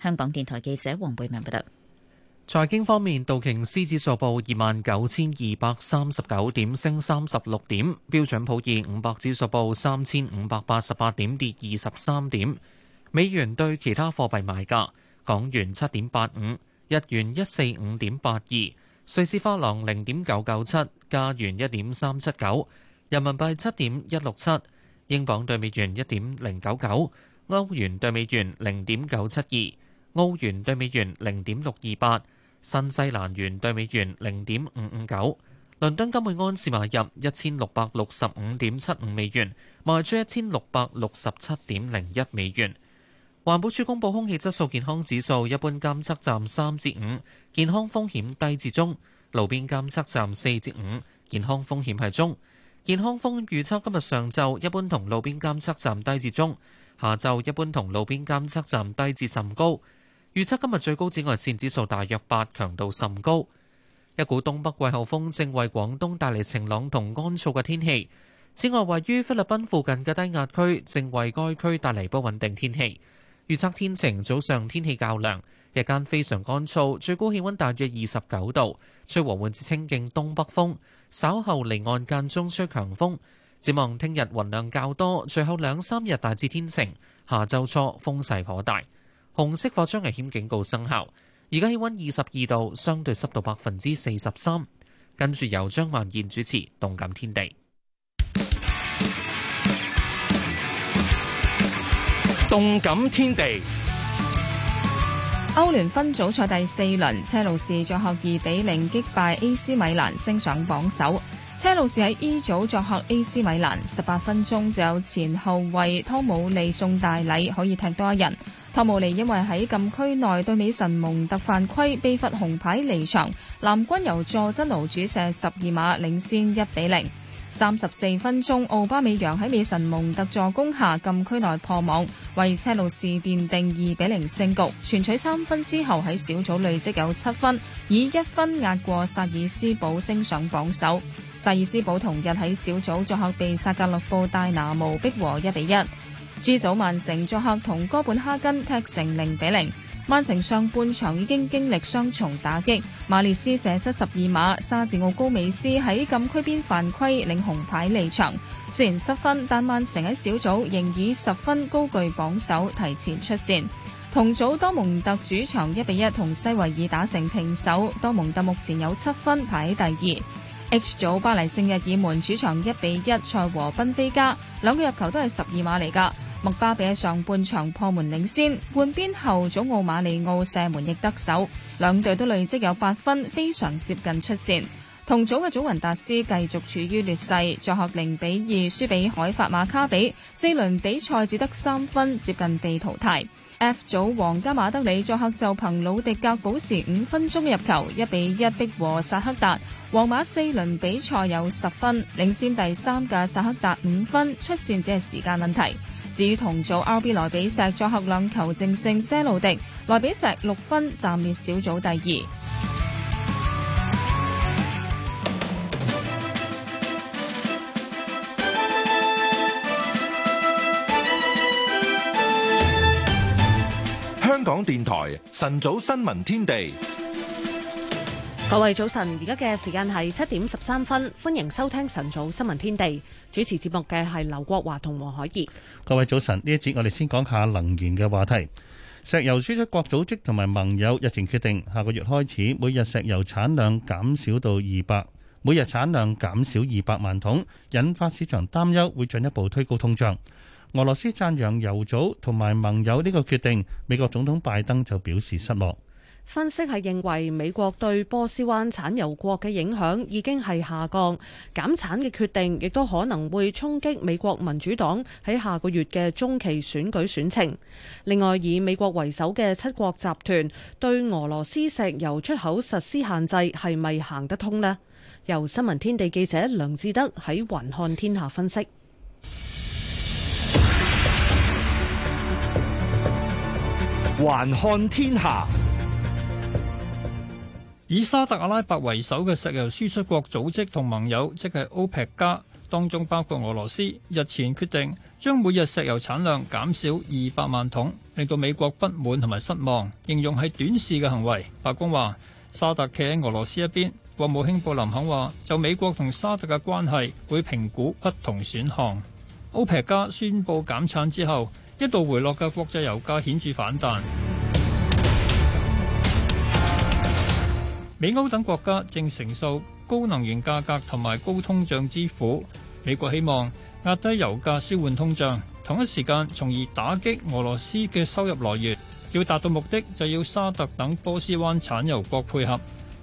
香港電台記者黃貝文報道。財經方面，道瓊斯指數報二萬九千二百三十九點，升三十六點；標準普爾五百指數報三千五百八十八點，跌二十三點。美元對其他貨幣賣價，港元七點八五。日元一四五點八二，瑞士法郎零點九九七，加元一點三七九，人民幣七點一六七，英鎊對美元一點零九九，歐元對美元零點九七二，澳元對美元零點六二八，新西蘭元對美元零點五五九。倫敦金每盎司買入一千六百六十五點七五美元，賣出一千六百六十七點零一美元。環保署公布空氣質素健康指數，一般監測站三至五，健康風險低至中；路邊監測站四至五，健康風險係中。健康風預測今日上晝，一般同路邊監測站低至中，下晝一般同路邊監測站低至甚高。預測今日最高紫外線指數大約八，強度甚高。一股東北季候風正為廣東帶嚟晴朗同乾燥嘅天氣。此外，位於菲律賓附近嘅低壓區正為該區帶嚟不穩定天氣。預測天晴，早上天氣較涼，日間非常乾燥，最高氣溫大約二十九度，吹和緩至清勁東北風。稍後離岸間中吹強風。展望聽日雲量較多，最後兩三日大致天晴，下週初風勢頗大。紅色火災危險警告生效，而家氣溫二十二度，相對濕度百分之四十三。跟住由張萬賢主持《動感天地》。動感天地，歐聯分組賽第四輪，車路士作客二比零擊敗 AC 米蘭，升上榜首。車路士喺 E 組作客 AC 米蘭，十八分鐘就有前後衛湯姆利送大禮，可以踢多一人。湯姆利因為喺禁區內對美神蒙特犯規，被罰紅牌離場。藍軍由佐真奴主射十二碼，領先一比零。三十四分鐘，奧巴美揚喺美神蒙特助攻下禁區內破網，為車路士奠定二比零勝局，全取三分之後喺小組累積有七分，以一分壓過薩爾斯堡升上榜首。薩爾斯堡同日喺小組作客被薩格勒布戴拿模逼和一比一。G 組曼城作客同哥本哈根踢成零比零。曼城上半場已經經歷雙重打擊，馬列斯射失十二碼，沙治奧高美斯喺禁區邊犯規領紅牌離場。雖然失分，但曼城喺小組仍以十分高踞榜首，提前出線。同組多蒙特主場一比一同西維爾打成平手，多蒙特目前有七分排喺第二。H 組巴黎聖日耳門主場一比一賽和賓菲加，兩個入球都係十二碼嚟㗎。麥巴比喺上半場破門領先，換邊後，祖奧馬里奧射門亦得手，兩隊都累積有八分，非常接近出線。同組嘅祖雲達斯繼續處於劣勢，作客零比二輸俾海法馬卡比，四輪比賽只得三分，接近被淘汰。F 組皇家馬德里作客就憑魯迪格補時五分鐘入球，一比一逼和薩克達。皇馬四輪比賽有十分，領先第三嘅薩克達五分，出線只係時間問題。至於同組 RB 萊比錫作客兩球正勝些路迪，萊比錫六分暫列小組第二。香港電台晨早新聞天地。各位早晨，而家嘅時間係七點十三分，歡迎收聽晨早新聞天地。主持節目嘅係劉國華同黃海怡。各位早晨，呢一節我哋先講下能源嘅話題。石油輸出國組織同埋盟友日前決定，下個月開始每日石油產量減少到二百，每日產量減少二百萬桶，引發市場擔憂會進一步推高通脹。俄羅斯讚揚油組同埋盟友呢個決定，美國總統拜登就表示失望。分析係認為，美國對波斯灣產油國嘅影響已經係下降，減產嘅決定亦都可能會衝擊美國民主黨喺下個月嘅中期選舉選情。另外，以美國為首嘅七國集團對俄羅斯石油出口實施限制係咪行得通呢？由新聞天地記者梁志德喺環看天下分析。環看天下。以沙特阿拉伯為首嘅石油輸出國組織同盟友，即係 OPEC 加，當中包括俄羅斯，日前決定將每日石油產量減少二百萬桶，令到美國不滿同埋失望，形容係短視嘅行為。白宮話沙特企喺俄羅斯一邊，國務卿布林肯話就美國同沙特嘅關係會評估不同選項。OPEC 加宣布減產之後，一度回落嘅國際油價顯著反彈。美歐等國家正承受高能源價格同埋高通脹之苦。美國希望壓低油價舒緩通脹，同一時間從而打擊俄羅斯嘅收入來源。要達到目的，就要沙特等波斯灣產油國配合。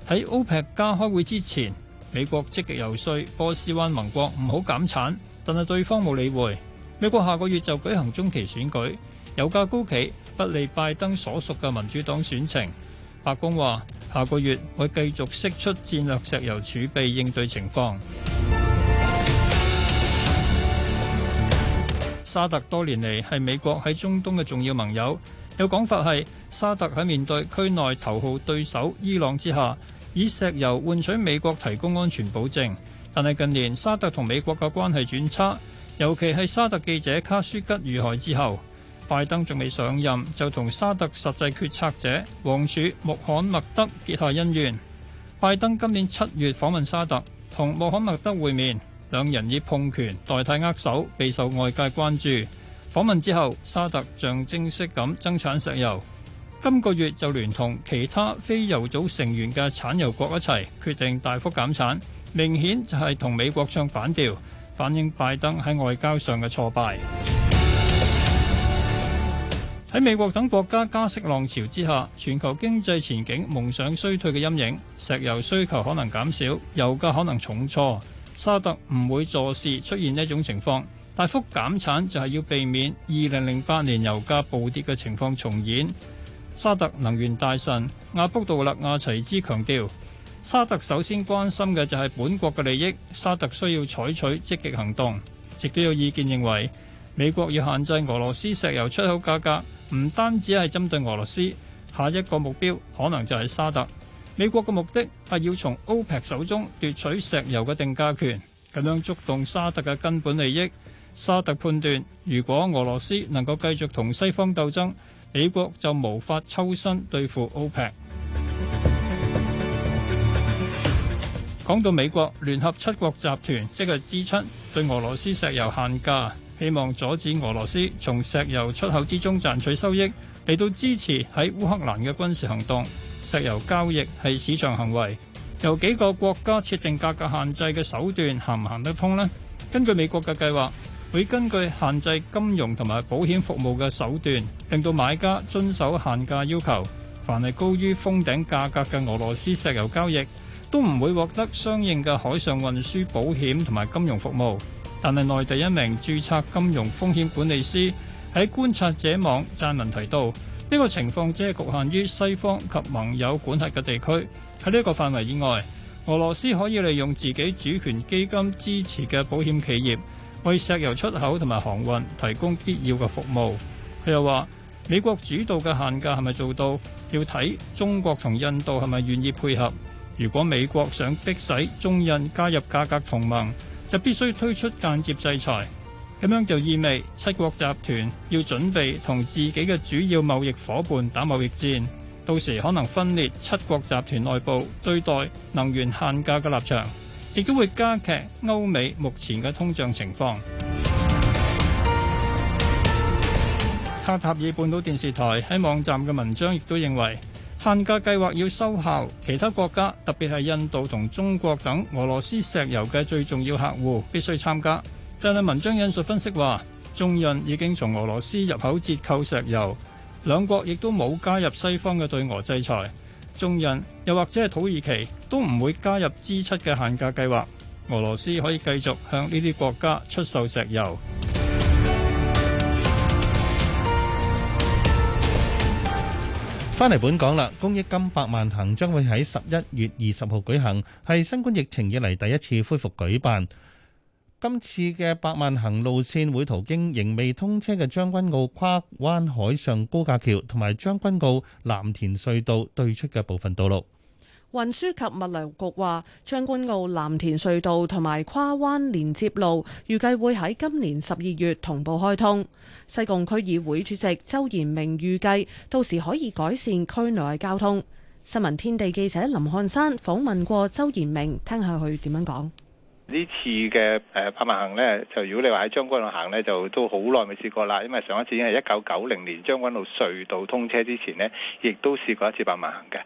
喺歐佩克加開會之前，美國積極遊說波斯灣盟國唔好減產，但係對方冇理會。美國下個月就舉行中期選舉，油價高企不利拜登所屬嘅民主黨選情。白宮話：下個月會繼續釋出戰略石油儲備應對情況。沙特多年嚟係美國喺中東嘅重要盟友，有講法係沙特喺面對區內頭號對手伊朗之下，以石油換取美國提供安全保證。但係近年沙特同美國嘅關係轉差，尤其係沙特記者卡舒吉遇害之後。拜登仲未上任，就同沙特實際決策者王儲穆罕默德結下恩怨。拜登今年七月訪問沙特，同穆罕默德會面，兩人以碰拳代替握手，備受外界關注。訪問之後，沙特象徵式咁增產石油，今、這個月就聯同其他非油組成員嘅產油國一齊決定大幅減產，明顯就係同美國唱反調，反映拜登喺外交上嘅挫敗。喺美國等國家加息浪潮之下，全球經濟前景夢想衰退嘅陰影，石油需求可能減少，油價可能重挫。沙特唔會坐視出現呢種情況，大幅減產就係要避免二零零八年油價暴跌嘅情況重演。沙特能源大臣阿卜杜勒亞齊茲強調，沙特首先關心嘅就係本國嘅利益，沙特需要採取積極行動。亦都有意見認為，美國要限制俄羅斯石油出口價格，唔單止係針對俄羅斯，下一個目標可能就係沙特。美國嘅目的係要從歐佩克手中奪取石油嘅定價權，咁樣觸動沙特嘅根本利益。沙特判斷，如果俄羅斯能夠繼續同西方鬥爭，美國就無法抽身對付歐佩克。 講到美國聯合七國集團即係 G7，對俄羅斯石油限價。希望阻止俄羅斯從石油出口之中賺取收益，嚟到支持喺烏克蘭嘅軍事行動。石油交易係市場行為，由幾個國家設定價格限制嘅手段行唔行得通咧？根據美國嘅計劃，會根據限制金融同埋保險服務嘅手段，令到買家遵守限價要求。凡係高於封頂價格嘅俄羅斯石油交易，都唔會獲得相應嘅海上運輸保險同埋金融服務。但係內地一名註冊金融風險管理師喺觀察者網撰文提到，呢個情況只係局限於西方及盟友管轄嘅地區，喺呢個範圍以外，俄羅斯可以利用自己主權基金支持嘅保險企業，為石油出口同埋航運提供必要嘅服務，佢又話美國主導嘅限價係咪做到？要睇中國同印度係咪願意配合。如果美國想迫使中印加入價格同盟，就必須推出間接制裁，咁樣就意味七國集團要準備同自己嘅主要貿易伙伴打貿易戰，到時可能分裂七國集團內部對待能源限價嘅立場，亦都會加劇歐美目前嘅通脹情況。卡塔爾半島電視台喺網站嘅文章亦都認為，限價計劃要收效，其他國家特別係印度同中國等俄羅斯石油嘅最重要客戶必須參加。但係文章引述分析話，中印已經從俄羅斯入口折扣石油，兩國亦都冇加入西方嘅對俄制裁。中印又或者係土耳其都唔會加入 G7 嘅限價計劃，俄羅斯可以繼續向呢啲國家出售石油。翻嚟本港啦！公益金百萬行將會喺十一月二十號舉行，係新冠疫情以嚟第一次恢復舉辦。今次嘅百萬行路綫會途經仍未通車嘅將軍澳跨灣海上高架橋同埋將軍澳藍田隧道對出嘅部分道路。運輸及物流局話，將軍澳藍田隧道同埋跨灣連接路預計會喺今年十二月同步開通。西貢區議會主席周賢明預計，到時可以改善區內交通。新聞天地記者林漢山訪問過周賢明，聽下佢點樣講。呢次嘅誒百萬行呢，就如果你話喺將軍澳行呢，就都好耐未試過啦。因為上一次已經係一九九零年將軍澳隧道通車之前呢，亦都試過一次百萬行嘅。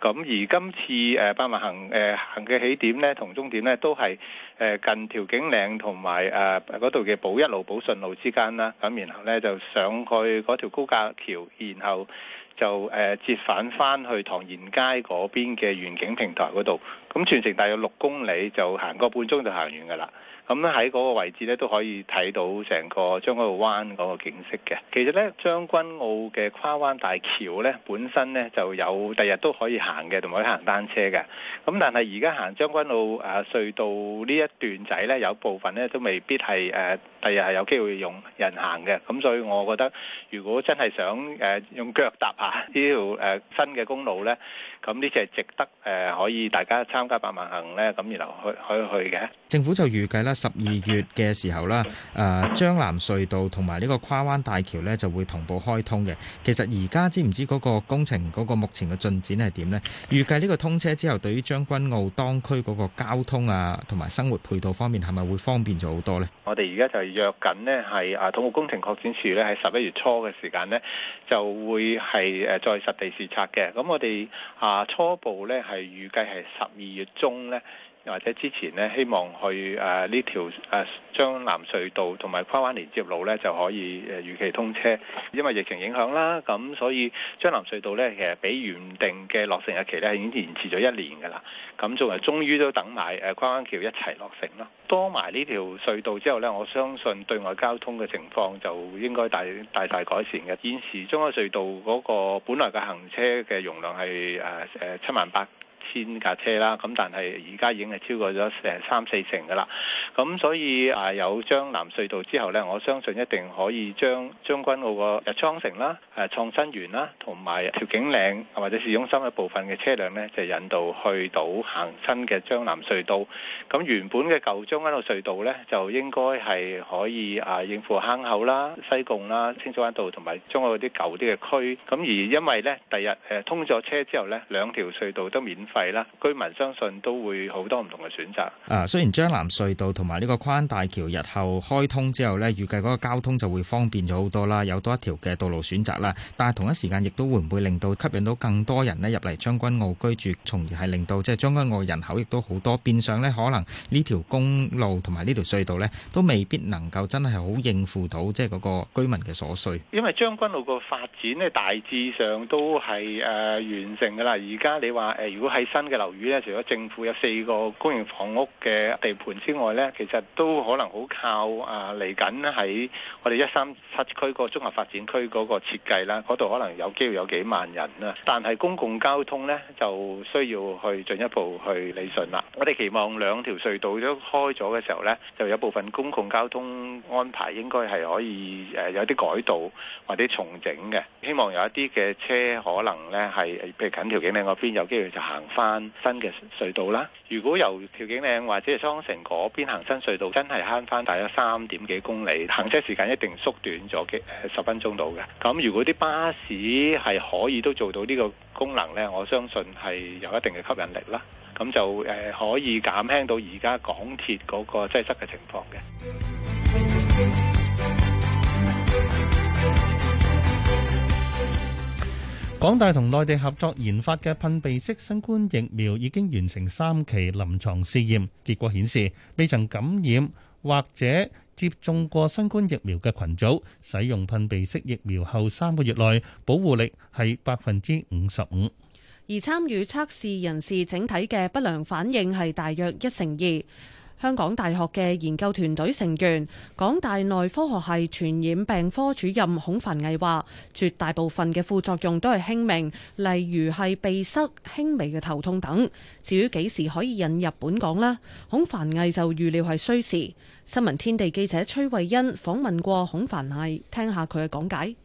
咁而今次誒，百萬行誒、呃、行嘅起點咧，同終點咧都係。誒近條景嶺同埋誒嗰度嘅寶邑路、寶順路之間啦，咁、啊、然後咧就上去嗰條高架橋，然後就誒、啊、折返返去唐賢街嗰邊嘅遠景平台嗰度，咁、啊、全程大約六公里，就行個半鐘就行完㗎啦。咁喺嗰個位置咧都可以睇到成個將軍澳灣嗰個景色嘅。其實咧，將軍澳嘅跨灣大橋咧本身咧就有第日，日都可以行嘅，同埋行單車嘅。咁、啊、但係而家行將軍澳誒隧道呢一一段仔咧，有部分咧都未必係誒。呃係啊，係有機會用人行嘅，咁所以我覺得，如果真係想誒用腳踏下呢條誒新嘅公路咧，咁呢隻係值得誒可以大家參加百萬行咧，咁然後去去去嘅。政府就預計啦十二月嘅時候啦，誒將藍隧道同埋呢個跨灣大橋咧就會同步開通嘅。其實而家知唔知嗰個工程嗰個目前嘅進展係點咧？預計呢個通車之後，對於將軍澳當區嗰個交通啊，同埋生活配套方面係咪會方便咗好多咧？我哋而家就。約緊咧，係啊，土木工程拓展署咧，喺十一月初嘅時間咧就會係誒再實地視察嘅。咁我哋啊初步咧係預計係十二月中咧。或者之前呢，希望去誒呢條誒將藍隧道同埋跨灣連接路呢，就可以誒預期通車。因為疫情影響啦，咁所以將藍隧道呢，其實比原定嘅落成日期呢，已經延遲咗一年㗎、啊、啦。咁仲係終於都等埋誒跨灣橋一齊落成咯。多埋呢條隧道之後呢，我相信對外交通嘅情況就應該大大大改善嘅。現時中海隧道嗰個本來嘅行車嘅容量係誒誒七萬八，千架車啦，咁、嗯、但係而家已經係超過咗成三,三四成噶啦，咁、嗯、所以啊有將南隧道之後呢，我相信一定可以將將軍澳個日昌城啦、誒、啊、創新園啦同埋調景嶺、啊、或者市中心一部分嘅車輛呢，就引導去到行新嘅將南隧道，咁、啊、原本嘅舊將軍澳隧道呢，就應該係可以啊應付坑口啦、啊、西貢啦、清水灣道同埋將嗰啲舊啲嘅區，咁、啊、而因為呢，第日誒、啊、通咗車之後呢，兩條隧道都免費。係啦，居民相信都會好多唔同嘅選擇。誒，雖然將藍隧道同埋呢個跨灣大橋日後開通之後咧，預計嗰個交通就會方便咗好多啦，有多一條嘅道路選擇啦。但係同一時間亦都會唔會令到吸引到更多人咧入嚟將軍澳居住，從而係令到即係將軍澳人口亦都好多，變相咧可能呢條公路同埋呢條隧道咧都未必能夠真係好應付到即係嗰個居民嘅所需。因為將軍澳個發展咧大致上都係誒完成㗎啦，而家你話誒如果係新嘅樓宇咧，除咗政府有四個公營房屋嘅地盤之外咧，其實都可能好靠啊嚟緊喺我哋一三七區個綜合發展區嗰個設計啦，嗰度可能有機會有幾萬人啦。但係公共交通咧就需要去進一步去理順啦。我哋期望兩條隧道都開咗嘅時候咧，就有部分公共交通安排應該係可以誒有啲改道或者重整嘅。希望有一啲嘅車可能咧係譬如近條景嶺嗰邊有機會就行。翻新嘅隧道啦，如果由調景嶺或者係雙城嗰邊行新隧道，真係慳翻大約三點幾公里，行車時間一定縮短咗嘅十分鐘到嘅。咁如果啲巴士係可以都做到呢個功能呢，我相信係有一定嘅吸引力啦。咁就誒可以減輕到而家港鐵嗰個擠塞嘅情況嘅。港大同內地合作研發嘅噴鼻式新冠疫苗已經完成三期臨床試驗，結果顯示，未曾感染或者接種過新冠疫苗嘅群組，使用噴鼻式疫苗後三個月內保護力係百分之五十五。而參與測試人士整體嘅不良反應係大約一成二。香港大學嘅研究團隊成員，港大內科學系傳染病科主任孔凡毅話，絕大部分嘅副作用都係輕微，例如係鼻塞、輕微嘅頭痛等。至於幾時可以引入本港呢？孔凡毅就預料係需時。新聞天地記者崔慧欣訪問過孔凡毅，聽下佢嘅講解。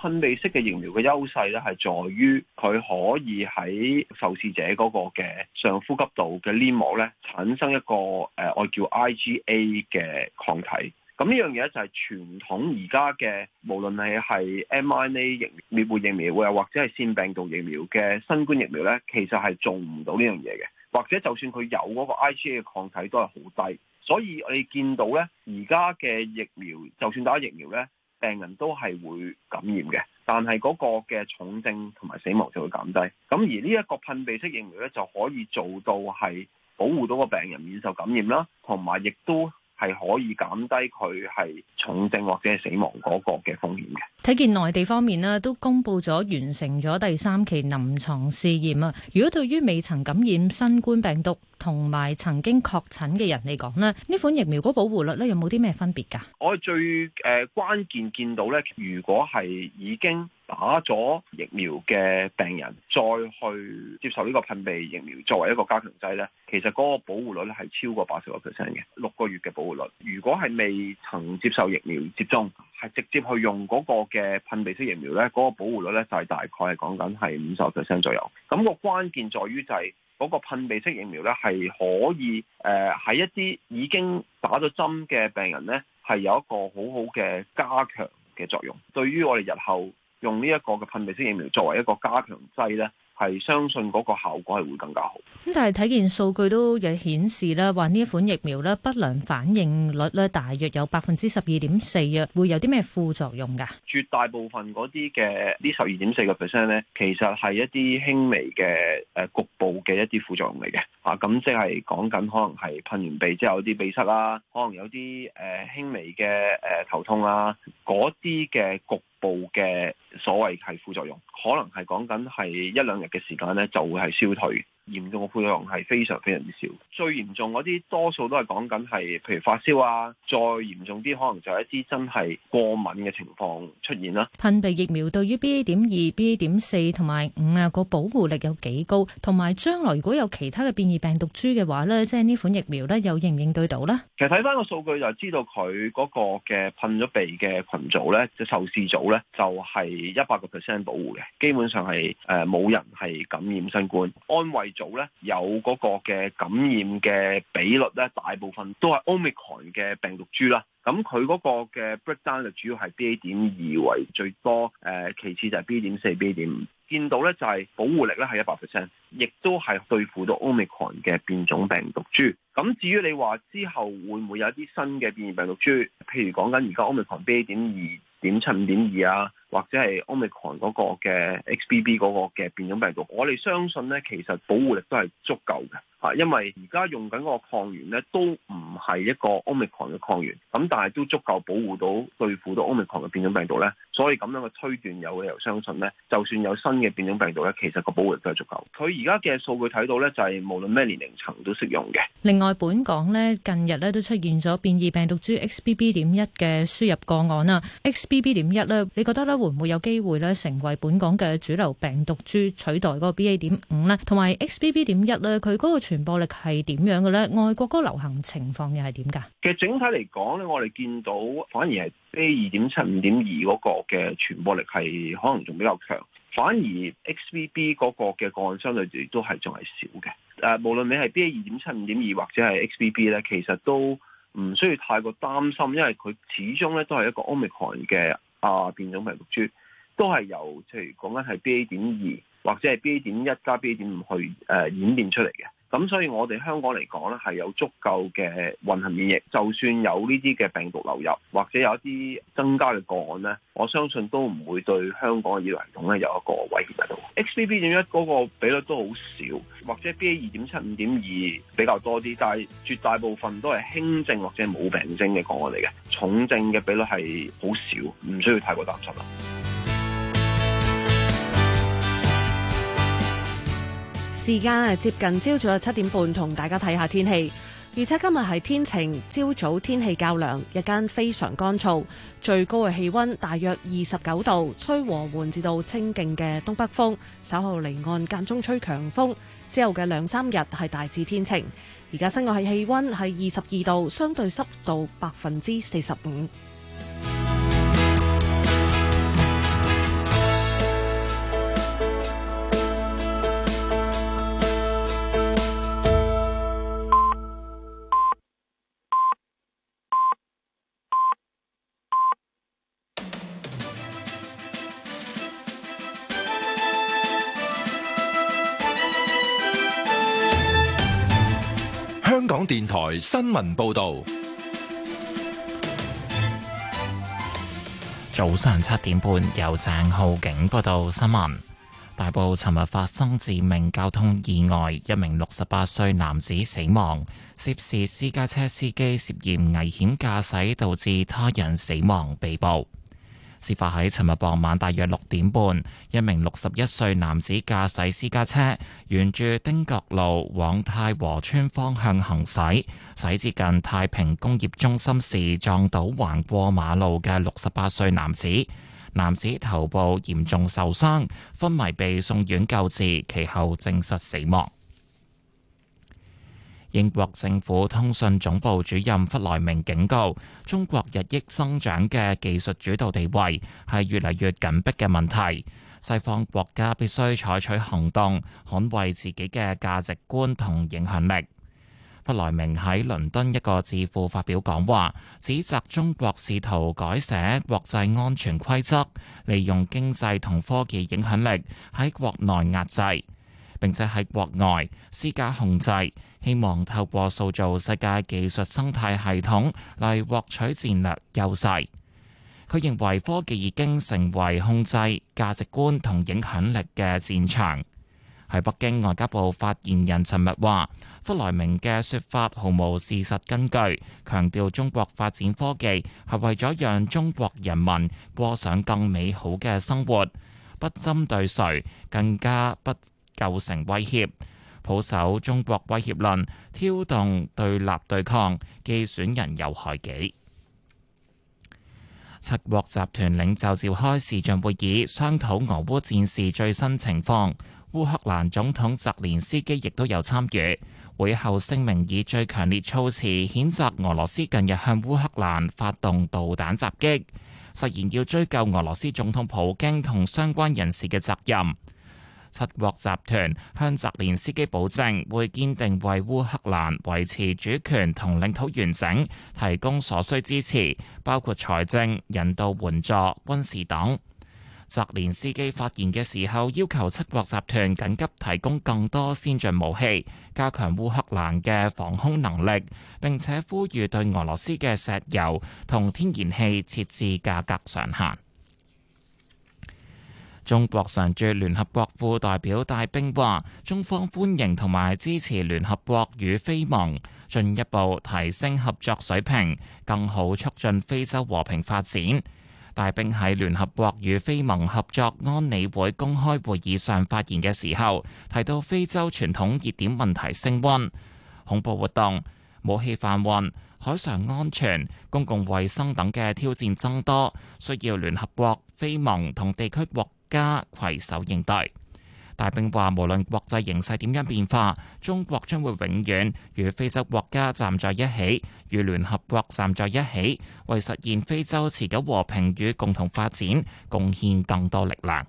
噴鼻式嘅疫苗嘅優勢咧，係在於佢可以喺受試者嗰個嘅上呼吸道嘅黏膜咧，產生一個誒我叫 I G A 嘅抗體。咁呢樣嘢就係傳統而家嘅，無論你係 mRNA 疫苗、滅活疫苗，又或者係腺病毒疫苗嘅新冠疫苗咧，其實係做唔到呢樣嘢嘅。或者就算佢有嗰個 I G A 嘅抗體，都係好低。所以我哋見到咧，而家嘅疫苗就算打疫苗咧。病人都係會感染嘅，但係嗰個嘅重症同埋死亡就會減低。咁而呢一個噴鼻式疫苗咧，就可以做到係保護到個病人免受感染啦，同埋亦都。係可以減低佢係重症或者係死亡嗰個嘅風險嘅。睇見內地方面咧，都公布咗完成咗第三期臨床試驗啊。如果對於未曾感染新冠病毒同埋曾經確診嘅人嚟講咧，呢款疫苗個保護率咧有冇啲咩分別噶？我最誒、呃、關鍵見到咧，如果係已經打咗疫苗嘅病人再去接受呢個噴鼻疫苗作為一個加強劑咧，其實嗰個保護率咧係超過八十個 percent 嘅，六個月嘅保護率。如果係未曾接受疫苗接種，係直接去用嗰個嘅噴鼻式疫苗咧，嗰個保護率咧就係大概係講緊係五十 percent 左右。咁個關鍵在於就係嗰個噴鼻式疫苗咧係可以誒喺一啲已經打咗針嘅病人咧係有一個好好嘅加強嘅作用，對於我哋日後。用呢一個嘅噴鼻式疫苗作為一個加強劑咧，係相信嗰個效果係會更加好。咁但係睇見數據都有顯示咧，話呢款疫苗咧不良反應率咧大約有百分之十二點四啊，會有啲咩副作用㗎？絕大部分嗰啲嘅呢十二點四個 percent 咧，其實係一啲輕微嘅誒局部嘅一啲副作用嚟嘅。啊，咁即係講緊可能係噴完鼻，即係有啲鼻塞啦、啊，可能有啲誒、呃、輕微嘅誒、呃、頭痛啦、啊，嗰啲嘅局部嘅所謂係副作用，可能係講緊係一兩日嘅時間咧，就會係消退。嚴重嘅副作用係非常非常之少，最嚴重嗰啲多數都係講緊係譬如發燒啊，再嚴重啲可能就係一啲真係過敏嘅情況出現啦。噴鼻疫苗對於 BA. 點二、BA. 點四同埋五啊，個保護力有幾高？同埋將來如果有其他嘅變異病毒株嘅話咧，即係呢款疫苗咧又應唔應對到咧？其實睇翻個數據就知道佢嗰個嘅噴咗鼻嘅群組咧，即係就受試組咧就係一百個 percent 保護嘅，基本上係誒冇人係感染新冠，安慰組咧有嗰個嘅感染嘅比率咧，大部分都係 Omicron 嘅病毒株啦。咁佢嗰個嘅 breakdown 就主要係 BA 點二為最多，誒，其次就係 BA 點四、BA 點五。見到咧就係保護力咧係一百 percent，亦都係對付到 Omicron 嘅變種病毒株。咁至於你話之後會唔會有啲新嘅變異病毒株，譬如講緊而家 Omicron BA 點二點七五點二啊？或者係奧密克戎嗰個嘅 XBB 嗰個嘅變種病毒，我哋相信咧，其實保護力都係足夠嘅嚇，因為而家用緊嗰個抗原咧，都唔係一個 Omicron 嘅抗原，咁但係都足夠保護到對付到 Omicron 嘅變種病毒咧。所以咁樣嘅推斷，有理由相信咧，就算有新嘅變種病毒咧，其實個保護力都係足夠。佢而家嘅數據睇到咧，就係無論咩年齡層都適用嘅。另外，本港咧近日咧都出現咗變異病毒株 XBB 點一嘅輸入個案啊。XBB 點一咧，你覺得咧？會唔會有機會咧，成為本港嘅主流病毒株，取代嗰個 B A 點五咧？同埋 X B B 點一咧，佢嗰個傳播力係點樣嘅咧？外國嗰個流行情況又係點噶？其實整體嚟講咧，我哋見到反而係 B A 二點七五點二嗰個嘅傳播力係可能仲比較強，反而 X B B 嗰個嘅個案相對住都係仲係少嘅。誒、啊，無論你係 B A 二點七五點二或者係 X B B 咧，其實都唔需要太過擔心，因為佢始終咧都係一個 omicron 嘅。啊，變種病毒株都係由，譬如講緊係 B A 點二或者係 B A 點一加 B A 點五去誒、呃、演變出嚟嘅。咁所以，我哋香港嚟講呢，係有足夠嘅混合免疫，就算有呢啲嘅病毒流入，或者有一啲增加嘅個案呢，我相信都唔會對香港嘅醫療系統咧有一個威脅喺度。X B B. 點一嗰個比率都好少，或者 B A 二點七五點二比較多啲，但係絕大部分都係輕症或者冇病徵嘅個案嚟嘅，重症嘅比率係好少，唔需要太過擔心啦。時間係接近朝早嘅七點半，同大家睇下天氣。預測今日係天晴，朝早天氣較涼，日間非常乾燥，最高嘅氣溫大約二十九度，吹和緩至到清勁嘅東北風，稍後離岸間中吹強風。之後嘅兩三日係大致天晴。而家室外嘅氣溫係二十二度，相對濕度百分之四十五。電台新聞報道：早上七點半，由鄭浩景報道新聞。大埔尋日發生致命交通意外，一名六十八歲男子死亡，涉事私家車司機涉嫌危險駕駛導致他人死亡被捕。事發喺尋日傍晚大約六點半，一名六十一歲男子駕駛私家車沿住汀角路往太和村方向行駛，駛至近太平工業中心時撞到橫過馬路嘅六十八歲男子，男子頭部嚴重受傷，昏迷被送院救治，其後證實死亡。英國政府通訊總部主任弗萊明警告，中國日益增長嘅技術主導地位係越嚟越緊迫嘅問題，西方國家必須採取行動，捍衛自己嘅價值觀同影響力。弗萊明喺倫敦一個智庫發表講話，指責中國試圖改寫國際安全規則，利用經濟同科技影響力喺國內壓制，並且喺國外施加控制，希望透過塑造世界技術生態系統嚟獲取戰略優勢。佢認為科技已經成為控制價值觀同影響力嘅戰場。喺北京外交部發言人尋日話，福萊明嘅說法毫無事實根據，強調中國發展科技係為咗讓中國人民過上更美好嘅生活，不針對誰，更加不。構成威脅，抱守中國威脅論，挑動對立對抗，既損人又害己。七國集團領袖召開視像會議，商討俄烏戰事最新情況。烏克蘭總統澤連斯基亦都有參與。會後聲明以最強烈措辭譴責俄羅斯近日向烏克蘭發動導彈襲擊，誓言要追究俄羅斯總統普京同相關人士嘅責任。七國集團向澤連斯基保證會堅定為烏克蘭維持主權同領土完整，提供所需支持，包括財政人道援助、軍事等。澤連斯基發言嘅時候要求七國集團緊急提供更多先進武器，加強烏克蘭嘅防空能力，並且呼籲對俄羅斯嘅石油同天然氣設置價格上限。中國常駐聯合國副代表戴兵話，中方歡迎同埋支持聯合國與非盟進一步提升合作水平，更好促進非洲和平發展。戴兵喺聯合國與非盟合作安理會公開會議上發言嘅時候，提到非洲傳統熱點問題升溫，恐怖活動、武器販運、海上安全、公共衛生等嘅挑戰增多，需要聯合國、非盟同地區國家攜手應對。大兵話，無論國際形勢點樣變化，中國將會永遠與非洲國家站在一起，與聯合國站在一起，為實現非洲持久和平與共同發展貢獻更多力量。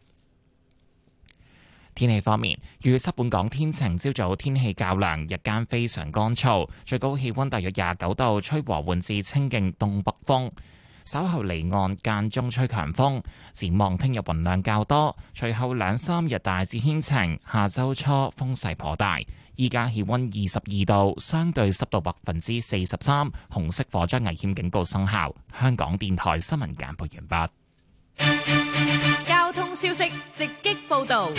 天氣方面，預濕本港天晴，朝早天氣較涼，日間非常乾燥，最高氣溫大約廿九度，吹和緩至清勁東北風。稍後離岸間中吹強風，展望聽日雲量較多，隨後兩三日大致天晴，下周初風勢頗大。依家氣溫二十二度，相對濕度百分之四十三，紅色火災危險警告生效。香港電台新聞簡報完畢，交通消息直擊報道。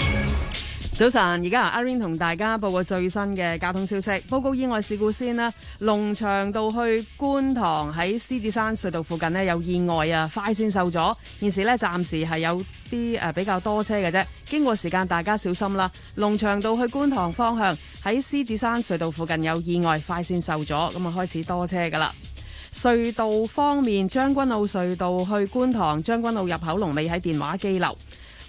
早晨，而家阿 Irene 同大家報個最新嘅交通消息。報告意外事故先啦，龍翔道去觀塘喺獅子山隧道附近咧有意外啊，快線受阻，現時咧暫時係有啲誒比較多車嘅啫。經過時間，大家小心啦。龍翔道去觀塘方向喺獅子山隧道附近有意外，快線受阻，咁啊開始多車噶啦。隧道方面，將軍澳隧道去觀塘將軍澳入口龍尾喺電話機樓。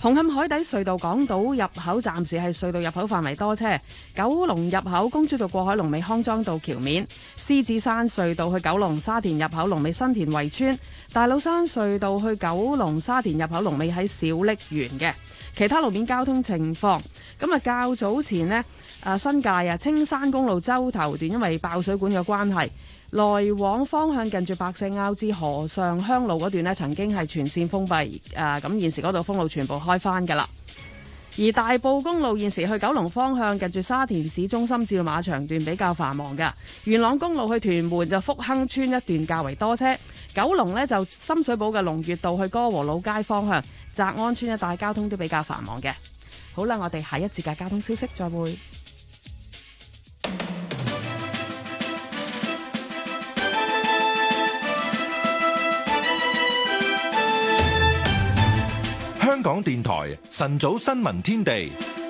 紅磡海底隧道港島入口暫時係隧道入口範圍多車，九龍入口公主道過海龍尾康莊道橋面，獅子山隧道去九龍沙田入口龍尾新田圍村，大老山隧道去九龍沙田入口龍尾喺小瀝源嘅其他路面交通情況咁啊，較早前呢？誒新界啊青山公路洲頭段因為爆水管嘅關係。來往方向近住白石坳至河上鄉路嗰段咧，曾經係全線封閉，誒、呃、咁現時嗰度封路全部開翻噶啦。而大埔公路現時去九龍方向近住沙田市中心至到馬場段比較繁忙嘅。元朗公路去屯門就福亨村一段較為多車。九龍呢就深水埗嘅龍悅道去歌和老街方向澤安村一帶交通都比較繁忙嘅。好啦，我哋下一節嘅交通消息再會。香港電台晨早新聞天地。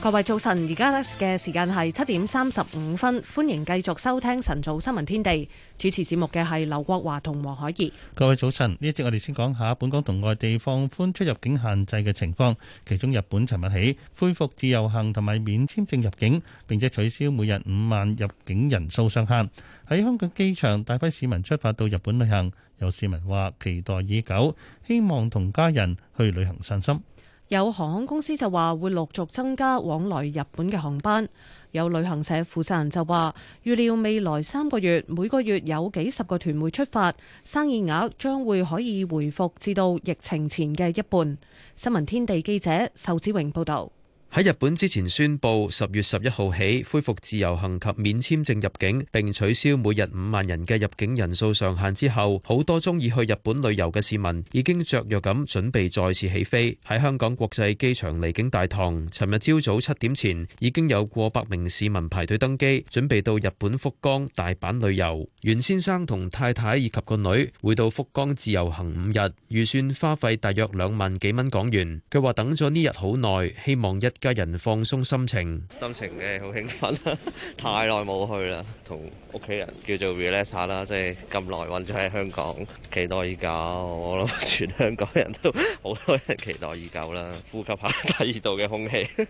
各位早晨，而家嘅時間係七點三十五分，歡迎繼續收聽晨早新聞天地。主持節目嘅係劉國華同黃海怡。各位早晨，呢一節我哋先講下本港同外地放寬出入境限制嘅情況。其中，日本尋日起恢復自由行同埋免簽證入境，並且取消每日五萬入境人數上限。喺香港機場大批市民出發到日本旅行，有市民話期待已久，希望同家人去旅行散心。有航空公司就話會陸續增加往來日本嘅航班。有旅行社負責人就話，預料未來三個月每個月有幾十個團會出發，生意額將會可以回復至到疫情前嘅一半。新聞天地記者壽子榮報道。喺日本之前宣布十月十一號起恢復自由行及免簽證入境，並取消每日五萬人嘅入境人數上限之後，好多鍾意去日本旅遊嘅市民已經雀躍咁準備再次起飛。喺香港國際機場離境大堂，尋日朝早七點前已經有過百名市民排隊登機，準備到日本福岡、大阪旅遊。袁先生同太太以及個女會到福岡自由行五日，預算花費大約兩萬幾蚊港元。佢話等咗呢日好耐，希望一家人放鬆心情，心情嘅好興奮啦！ 太耐冇去啦，同屋企人叫做 relax 下啦，即係咁耐混咗喺香港，期待已久。我諗全香港人都好多人期待已久啦，呼吸下第二度嘅空氣。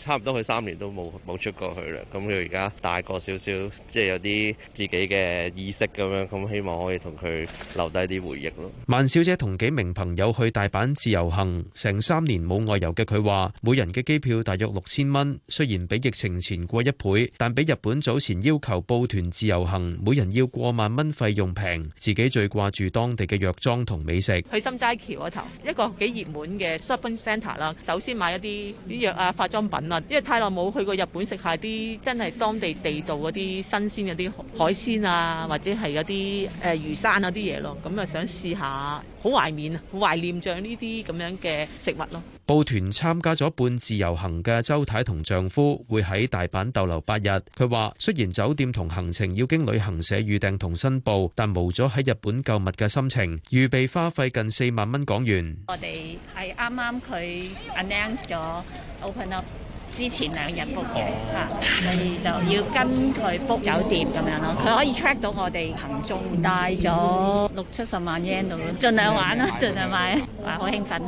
差唔多佢三年都冇冇出過去啦，咁佢而家大個少少，即係有啲自己嘅意識咁樣，咁希望可以同佢留低啲回憶咯。萬小姐同幾名朋友去大阪自由行，成三年冇外遊嘅佢話，每人嘅機票大約六千蚊，雖然比疫情前過一倍，但比日本早前要求報團自由行每人要過萬蚊費用平。自己最掛住當地嘅藥妝同美食，去心齋橋嗰頭，一個幾熱門嘅 shopping centre 啦，首先買一啲藥啊、化妝品。嗱，因為太耐冇去過日本，食下啲真係當地地道嗰啲新鮮嗰啲海鮮啊，或者係有啲誒魚生嗰啲嘢咯，咁啊想試下，好懷念啊，好懷念像呢啲咁樣嘅食物咯。報團參加咗半自由行嘅周太同丈夫會喺大阪逗留八日。佢話雖然酒店同行程要經旅行社預訂同申報，但冇咗喺日本購物嘅心情，預備花費近四萬蚊港元。我哋係啱啱佢 announce 咗 open up。之前兩日 book 嘅吓，所以就要跟佢 book 酒店咁樣咯。佢可以 track 到我哋行蹤，帶咗六七十萬 yen 度咯，盡量玩啦，盡量買，買好興奮，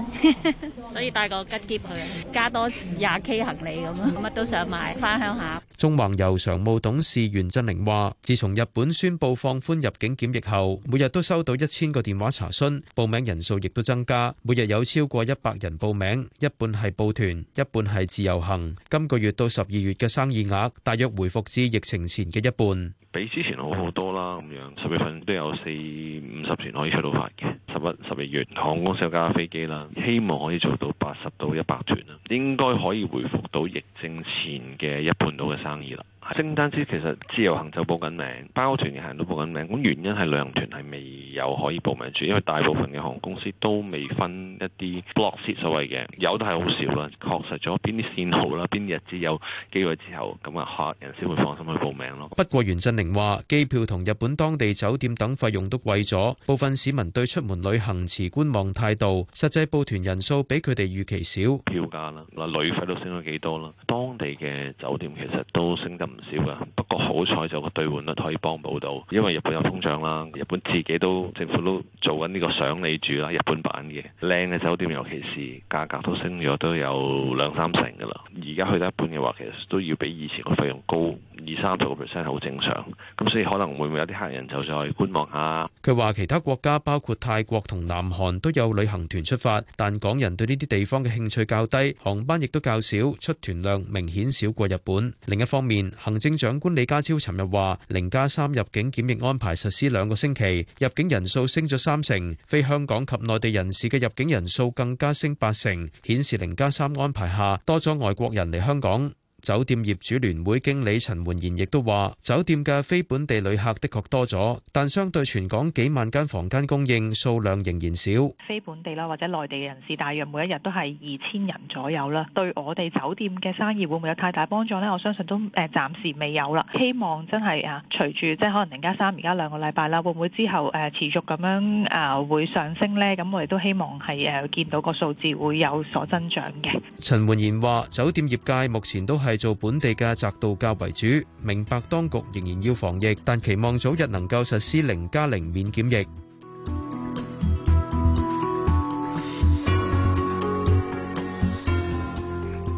所以帶個吉喼去，加多廿 k 行李咁樣，乜都想買，翻鄉下。縱橫遊常務董事袁振寧話，自從日本宣布放寬入境檢疫後，每日都收到一千個電話查詢，報名人數亦都增加，每日有超過一百人報名，一半係報團，一半係自由行。今個月到十二月嘅生意額大約回復至疫情前嘅一半，比之前好好多啦。咁樣，十月份都有四五十團可以出到發嘅，十一、十二月航空公司有加飛機啦，希望可以做到八十到一百團啦，應該可以回復到疫症前嘅一半到嘅生意啦。聖誕節其實自由行就報緊名，包團嘅行都報緊名。咁原因係旅行團係未有可以報名住，因為大部分嘅航空公司都未分一啲 block seat，所謂嘅有都係好少啦。確實咗邊啲線路啦，邊啲日子有機會之後，咁啊客人先會放心去報名咯。不過袁振寧話，機票同日本當地酒店等費用都貴咗，部分市民對出門旅行持觀望態度。實際報團人數比佢哋預期少。票價啦，嗱旅費都升咗幾多啦，當地嘅酒店其實都升得。唔少㗎，不過好彩就有個兌換率可以幫補到，因為日本有通脹啦。日本自己都政府都做緊呢個賞你住啦，日本版嘅靚嘅酒店，尤其是價格都升咗都有兩三成㗎啦。而家去得一半嘅話，其實都要比以前個費用高。二三十個 percent 好正常，咁所以可能會唔會有啲客人走上去觀望下。佢話其他國家包括泰國同南韓都有旅行團出發，但港人對呢啲地方嘅興趣較低，航班亦都較少，出團量明顯少過日本。另一方面，行政長官李家超尋日話，零加三入境檢疫安排實施兩個星期，入境人數升咗三成，非香港及內地人士嘅入境人數更加升八成，顯示零加三安排下多咗外國人嚟香港。酒店業主聯會經理陳煥賢亦都話：酒店嘅非本地旅客的確多咗，但相對全港幾萬間房間供應數量仍然少。非本地啦，或者內地嘅人士，大約每一日都係二千人左右啦。對我哋酒店嘅生意會唔會有太大幫助咧？我相信都誒，暫時未有啦。希望真係啊，隨住即係可能零加三而家兩個禮拜啦，會唔會之後誒持續咁樣啊會上升咧？咁我哋都希望係誒見到個數字會有所增長嘅。陳煥賢話：酒店業界目前都係係做本地嘅窄道教為主，明白當局仍然要防疫，但期望早日能夠實施零加零免檢疫。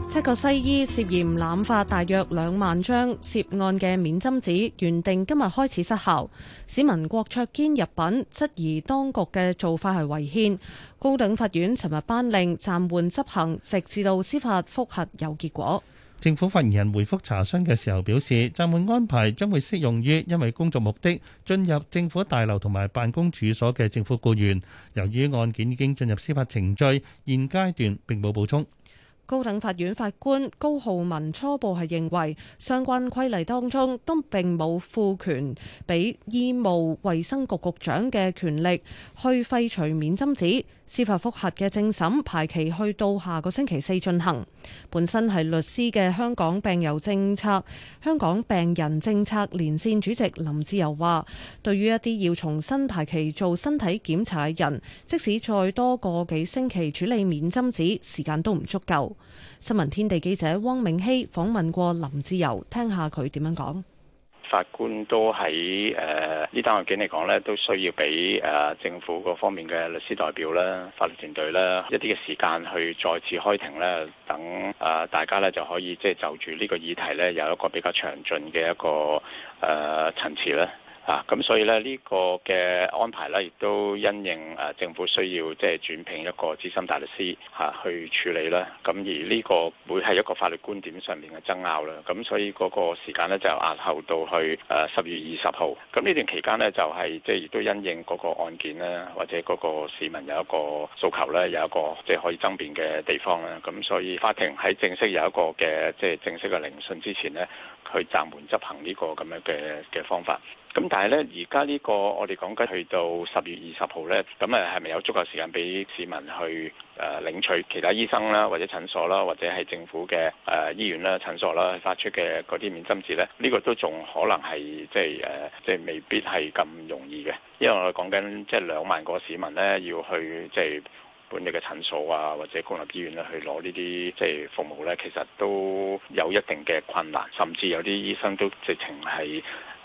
七個西醫涉嫌濫發大約兩萬張涉案嘅免針紙，原定今日開始失效。市民郭卓堅入稟質疑當局嘅做法係違憲。高等法院尋日頒令暫緩執行，直至到司法複核有結果。政府發言人回覆查詢嘅時候表示，暫緩安排將會適用於因為工作目的進入政府大樓同埋辦公處所嘅政府雇員。由於案件已經進入司法程序，現階段並冇補充。高等法院法官高浩文初步係認為，相關規例當中都並冇賦權俾醫務衛生局局長嘅權力去廢除免針紙。司法覆核嘅正審排期去到下個星期四進行。本身係律師嘅香港病友政策，香港病人政策連線主席林志游話，對於一啲要重新排期做身體檢查嘅人，即使再多個幾星期處理免針紙時間都唔足夠。新聞天地記者汪明熙訪問過林志游，聽下佢點樣講。法官都喺誒呢單案件嚟講咧，都需要俾誒、呃、政府各方面嘅律師代表啦、法律團隊啦一啲嘅時間去再次開庭啦。等誒、呃、大家呢就可以即係就住呢個議題呢，有一個比較詳盡嘅一個誒、呃、層次咧。啊，咁所以咧呢、這個嘅安排咧，亦都因應誒政府需要即係轉聘一個資深大律師嚇、啊、去處理啦。咁、啊、而呢個會係一個法律觀點上面嘅爭拗啦。咁、啊、所以嗰個時間咧就押後到去誒十、啊、月二十號。咁、啊、呢段期間咧就係即係亦都因應嗰個案件咧，或者嗰個市民有一個訴求咧，有一個即係可以爭辯嘅地方啦。咁、啊啊、所以法庭喺正式有一個嘅即係正式嘅聆訊之前咧，去暫緩執行呢個咁樣嘅嘅方法。咁但係咧，而家呢個我哋講緊去到十月二十號咧，咁誒係咪有足夠時間俾市民去誒、呃、領取其他醫生啦、啊，或者診所啦、啊，或者係政府嘅誒、呃、醫院啦、啊、診所啦、啊、發出嘅嗰啲免針紙咧？呢、這個都仲可能係即係誒，即係、呃、未必係咁容易嘅，因為我講緊即係兩萬個市民咧要去即係本地嘅診所啊，或者公立醫院咧去攞呢啲即係服務咧，其實都有一定嘅困難，甚至有啲醫生都直情係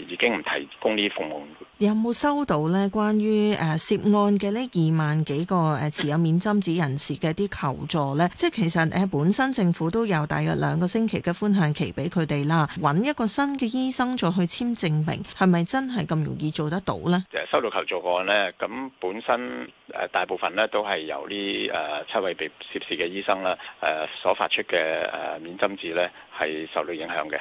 已經唔提供呢啲服務。有冇收到咧？關於誒、啊、涉案嘅呢二萬幾個誒、啊、持有免針紙人士嘅啲求助呢？即係其實誒、啊、本身政府都有大約兩個星期嘅寬限期俾佢哋啦，揾一個新嘅醫生再去簽證明，係咪真係咁容易做得到呢？收到求助案呢，咁本身誒大部分咧都係由呢誒七位被涉事嘅醫生啦誒、啊、所發出嘅誒、啊、免針紙呢，係受到影響嘅。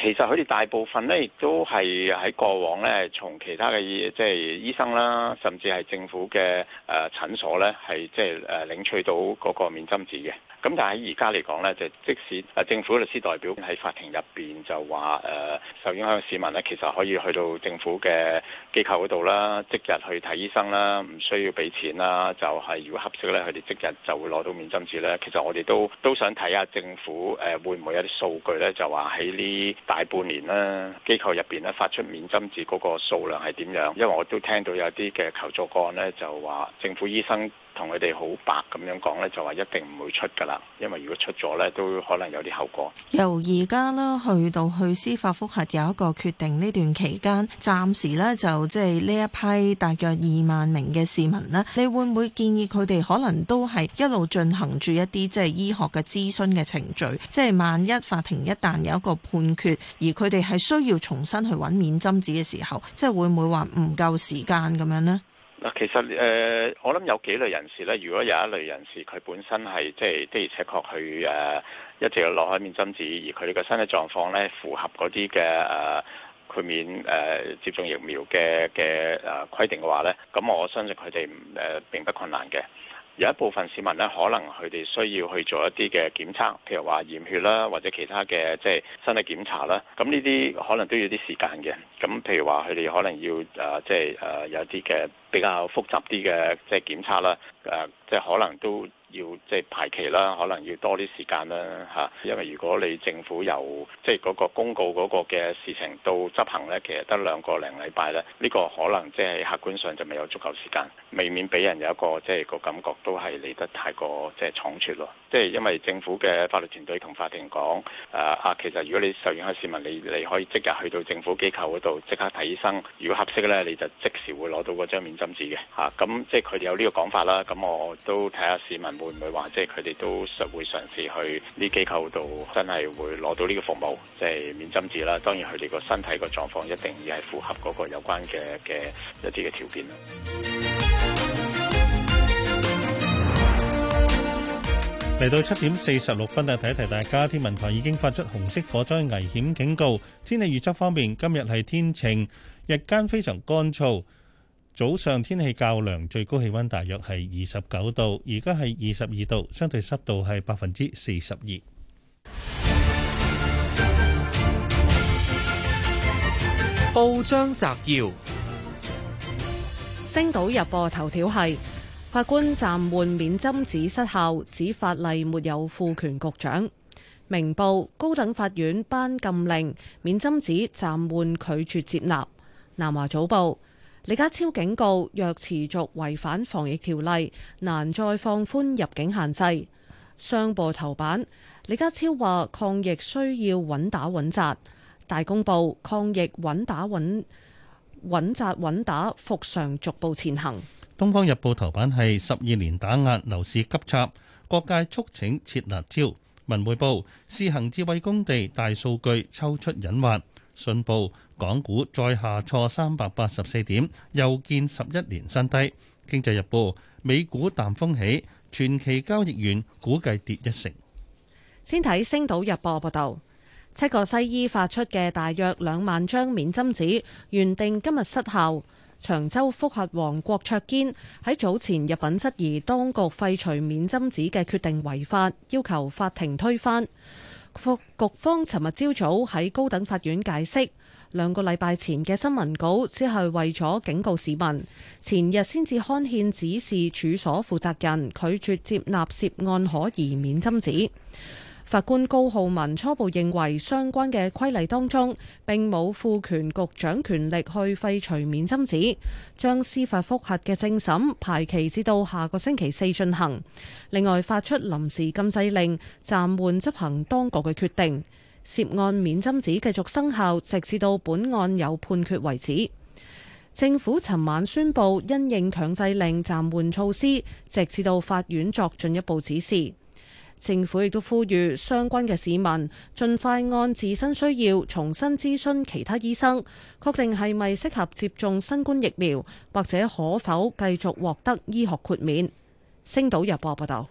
其實佢哋大部分咧，亦都係喺過往咧，從其他嘅即係醫生啦，甚至係政府嘅誒、呃、診所咧，係即係誒領取到嗰個免針紙嘅。咁但係而家嚟講呢，就即使誒政府律師代表喺法庭入邊就話誒、呃、受影響市民呢，其實可以去到政府嘅機構嗰度啦，即日去睇醫生啦，唔需要俾錢啦，就係如果合適呢，佢哋即日就會攞到免針紙呢。其實我哋都都想睇下政府誒會唔會有啲數據呢，就話喺呢大半年呢，機構入邊呢，發出免針紙嗰個數量係點樣？因為我都聽到有啲嘅求助個案呢，就話政府醫生。同佢哋好白咁樣講呢，就話一定唔會出噶啦，因為如果出咗呢，都可能有啲後果。由而家呢，去到去司法覆核有一個決定呢段期間，暫時呢，就即係呢一批大約二萬名嘅市民呢，你會唔會建議佢哋可能都係一路進行住一啲即係醫學嘅諮詢嘅程序？即係萬一法庭一旦有一個判決，而佢哋係需要重新去揾免針紙嘅時候，即係會唔會話唔夠時間咁樣呢？嗱，其實誒、呃，我諗有幾類人士咧。如果有一類人士，佢本身係即係的而且確去誒、呃，一直要落海面針刺，而佢哋嘅身體狀況咧符合嗰啲嘅誒，豁、呃、免誒、呃、接種疫苗嘅嘅誒規定嘅話咧，咁我相信佢哋誒並不困難嘅。有一部分市民咧，可能佢哋需要去做一啲嘅檢測，譬如話驗血啦，或者其他嘅即係身體檢查啦。咁呢啲可能都要啲時間嘅。咁譬如話，佢哋可能要誒，即係誒有啲嘅比較複雜啲嘅即係檢測啦，誒即係可能都。要即係排期啦，可能要多啲時間啦嚇。因為如果你政府由即係嗰個公告嗰個嘅事情到執行咧，其實得兩個零禮拜咧，呢個可能即係客觀上就未有足夠時間，未免俾人有一個即係個感覺都係嚟得太過即係倉促咯。即係因為政府嘅法律團隊同法庭講，誒啊，其實如果你受影響市民，你你可以即日去到政府機構嗰度即刻睇醫生，如果合適咧，你就即時會攞到嗰張免針紙嘅嚇。咁即係佢哋有呢個講法啦。咁我都睇下市民，會唔會話即係佢哋都實會嘗試去呢機構度，真係會攞到呢個服務，即係免針紙啦。當然佢哋個身體個狀況一定要係符合嗰個有關嘅嘅一啲嘅條件。嚟到七點四十六分，提一提大家，天文台已經發出紅色火災危險警告。天氣預測方面，今日係天晴，日間非常乾燥。早上天氣較涼，最高氣温大約係二十九度，而家係二十二度，相對濕度係百分之四十二。報章摘要：星島日報頭條係法官暫緩免針紙失效，指法例沒有賦權局長。明報，高等法院頒禁令，免針紙暫緩拒絕接納。南華早報。李家超警告：若持續違反防疫條例，難再放寬入境限制。商報頭版：李家超話抗疫需要穩打穩紮。大公報：抗疫穩打穩穩紮穩打，復常逐步前行。東方日報頭版係十二年打壓樓市急插，各界促請設辣招。文匯報：試行智慧工地大數據抽出隱患。信報港股再下挫三百八十四點，又見十一年新低。經濟日報美股淡風起，傳奇交易員估計跌一成。先睇星島日報報道，七個西醫發出嘅大約兩萬張免針紙，原定今日失效。長洲覆核王郭卓堅喺早前入禀質疑當局廢除免針紙嘅決定違法，要求法庭推翻。局方尋日朝早喺高等法院解釋，兩個禮拜前嘅新聞稿只係為咗警告市民，前日先至刊憲指示處所負責人拒絕接納涉案可疑免針紙。法官高浩文初步認為，相關嘅規例當中並冇賦權局長權力去廢除免針紙，將司法覆核嘅正審排期至到下個星期四進行。另外，發出臨時禁制令暫緩執行當局嘅決定，涉案免針紙繼續生效，直至到本案有判決為止。政府尋晚宣布，因應強制令暫緩措施，直至到法院作進一步指示。政府亦都呼籲相關嘅市民，盡快按自身需要重新諮詢其他醫生，確定係咪適合接種新冠疫苗，或者可否繼續獲得醫學豁免。星島日報、啊、報，報道，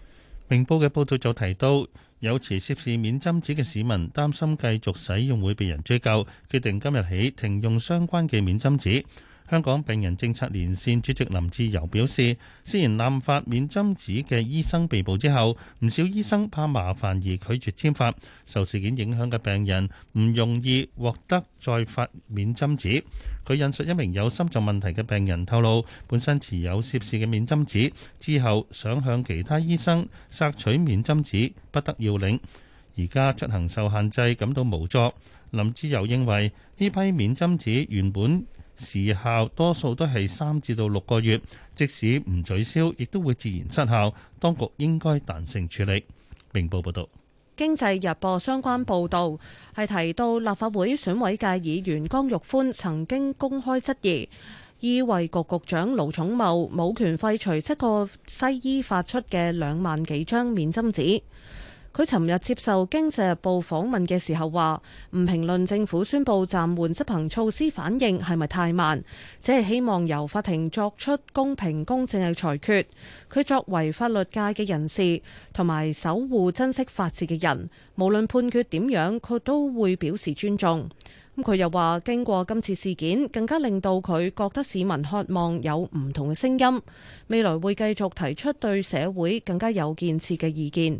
明報嘅報道就提到，有持涉事免針紙嘅市民擔心繼續使用會被人追究，決定今日起停用相關嘅免針紙。香港病人政策連線主席林志柔表示，雖然濫發免針紙嘅醫生被捕之後，唔少醫生怕麻煩而拒絕簽發，受事件影響嘅病人唔容易獲得再發免針紙。佢引述一名有心臟問題嘅病人透露，本身持有涉事嘅免針紙，之後想向其他醫生索取免針紙，不得要領。而家出行受限制，感到無助。林志柔認為呢批免針紙原本。時效多數都係三至到六個月，即使唔取消，亦都會自然失效。當局應該彈性處理。明報報道：《經濟日報》相關報導係提到，立法會選委界議員江玉歡曾經公開質疑，醫衞局局長盧寵茂冇權廢除七個西醫發出嘅兩萬幾張免針紙。佢尋日接受《經濟日報》訪問嘅時候話：唔評論政府宣布暫緩執行措施反應係咪太慢，只係希望由法庭作出公平公正嘅裁決。佢作為法律界嘅人士同埋守護珍惜法治嘅人，無論判決點樣，佢都會表示尊重。咁佢又話：經過今次事件，更加令到佢覺得市民渴望有唔同嘅聲音，未來會繼續提出對社會更加有建設嘅意見。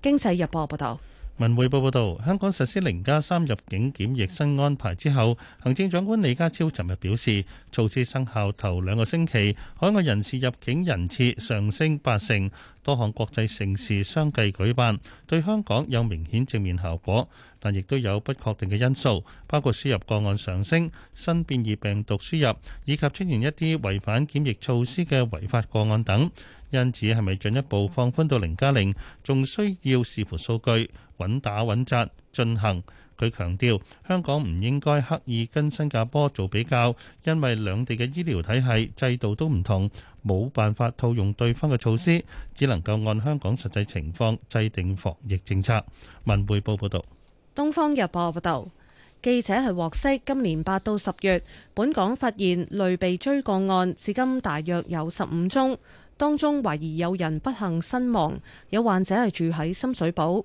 經濟日報報道，文匯報報道，香港實施零加三入境檢疫新安排之後，行政長官李家超尋日表示，措施生效頭兩個星期，海外人士入境人次上升八成。多項國際盛事相繼舉辦，對香港有明顯正面效果，但亦都有不確定嘅因素，包括輸入個案上升、新變異病毒輸入以及出現一啲違反檢疫措施嘅違法個案等。因此，係咪進一步放寬到零加零，仲需要視乎數據，穩打穩紮進行。佢強調，香港唔應該刻意跟新加坡做比較，因為兩地嘅醫療體系制度都唔同，冇辦法套用對方嘅措施，只能夠按香港實際情況制定防疫政策。文匯報報道。東方日報報道，記者係獲悉，今年八到十月，本港發現類被追個案，至今大約有十五宗，當中懷疑有人不幸身亡，有患者係住喺深水埗。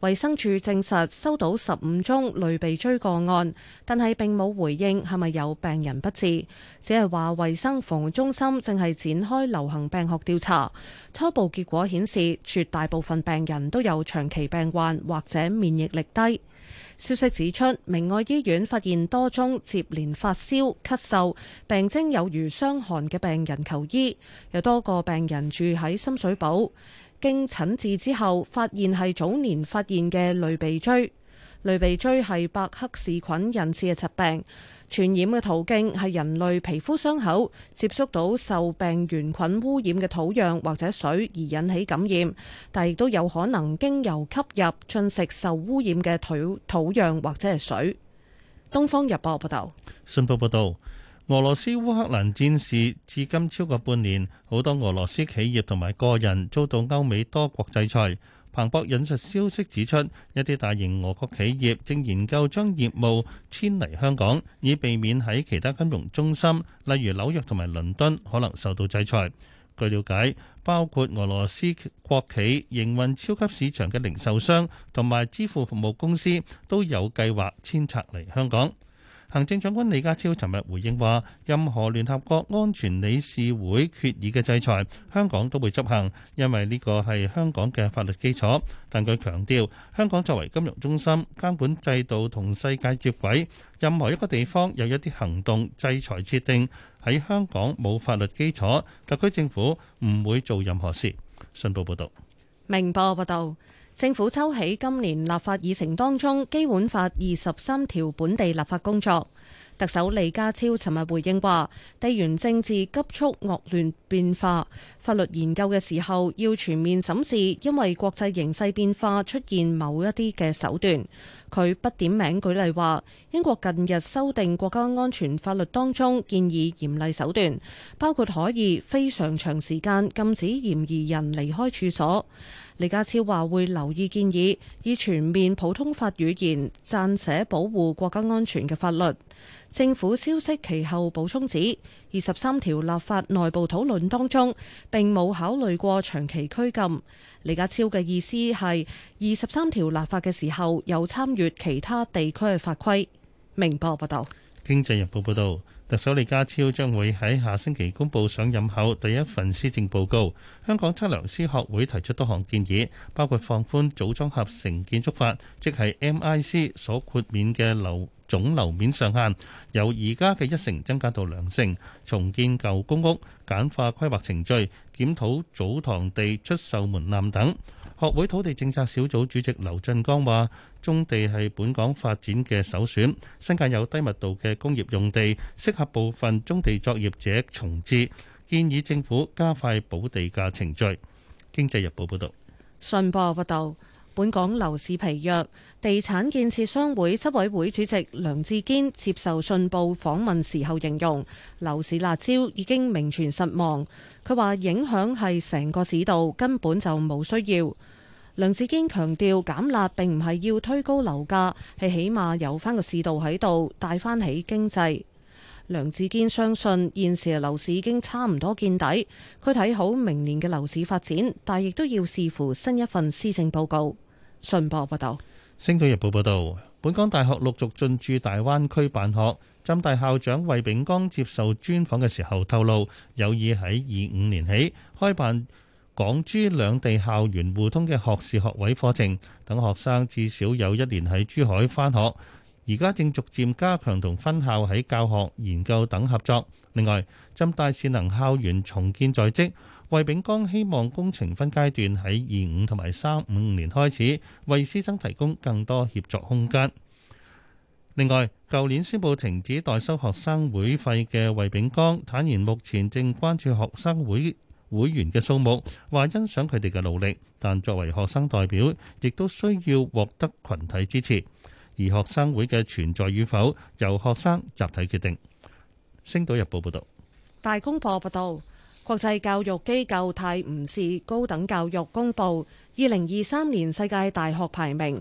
衛生署證實收到十五宗類鼻疽個案，但係並冇回應係咪有病人不治，只係話衛生防護中心正係展開流行病學調查。初步結果顯示，絕大部分病人都有長期病患或者免疫力低。消息指出，明愛醫院發現多宗接連發燒、咳嗽病徵有如傷寒嘅病人求醫，有多個病人住喺深水埗。經診治之後，發現係早年發現嘅類鼻疽。類鼻疽係伯克氏菌引致嘅疾病，傳染嘅途徑係人類皮膚傷口接觸到受病原菌污染嘅土壤或者水而引起感染，但亦都有可能經由吸入進食受污染嘅土土壤或者係水。東方日報報道，信報報道。俄羅斯烏克蘭戰事至今超過半年，好多俄羅斯企業同埋個人遭到歐美多國制裁。彭博引述消息指出，一啲大型俄國企業正研究將業務遷嚟香港，以避免喺其他金融中心，例如紐約同埋倫敦，可能受到制裁。據了解，包括俄羅斯國企營運超級市場嘅零售商同埋支付服務公司都有計劃遷冊嚟香港。行政長官李家超尋日回應話：任何聯合國安全理事會決議嘅制裁，香港都會執行，因為呢個係香港嘅法律基礎。但佢強調，香港作為金融中心，監管制度同世界接軌，任何一個地方有一啲行動制裁設定喺香港冇法律基礎，特區政府唔會做任何事。信報報道，明報報道。政府抽起今年立法議程當中《基本法》二十三條本地立法工作。特首李家超尋日回應話：地緣政治急速惡劣變化，法律研究嘅時候要全面審視，因為國際形勢變化出現某一啲嘅手段。佢不點名，舉例話英國近日修訂國家安全法律當中建議嚴厲手段，包括可以非常長時間禁止嫌疑人離開處所。李家超話會留意建議，以全面普通法語言撰寫保護國家安全嘅法律。政府消息其後補充指二十三條立法內部討論當中並冇考慮過長期拘禁。李家超嘅意思係。二十三條立法嘅時候，有參與其他地區嘅法規。明報報道，《經濟日報》報道，特首李家超將會喺下星期公佈上任後第一份施政報告。香港測量師學會提出多項建議，包括放寬組裝合成建築法，即係 MIC 所豁免嘅樓。總樓面上限由而家嘅一成增加到兩成，重建舊公屋、簡化規劃程序、檢討祖堂地出售門檻等。學會土地政策小組主席劉振江話，棕地係本港發展嘅首選，新界有低密度嘅工業用地，適合部分棕地作業者重置。建議政府加快補地價程序。經濟日報報導。信報報道。本港樓市疲弱，地產建設商會執委會主席梁志堅接受信報訪問時候形容樓市辣招已經名存實亡。佢話影響係成個市道，根本就冇需要。梁志堅強調減辣並唔係要推高樓價，係起碼有翻個市道喺度，帶翻起經濟。梁志堅相信現時樓市已經差唔多見底，佢睇好明年嘅樓市發展，但亦都要視乎新一份施政報告。信報報道，《星島日報》報道，本港大學陸續進駐大灣區辦學。浸大校長魏炳剛接受專訪嘅時候透露，有意喺二五年起開辦港珠兩地校園互通嘅學士學位課程，等學生至少有一年喺珠海返學。而家正逐漸加強同分校喺教學、研究等合作。另外，浸大善衡校園重建在即。衞炳江，希望工程分階段喺二五同埋三五年開始，為師生提供更多協作空間。另外，舊年宣布停止代收學生會費嘅衞炳江坦言，目前正關注學生會會員嘅數目，話欣賞佢哋嘅努力，但作為學生代表，亦都需要獲得群體支持。而學生會嘅存在與否，由學生集體決定。星島日報報道。大公報報道。國際教育機構泰晤士高等教育公佈二零二三年世界大學排名，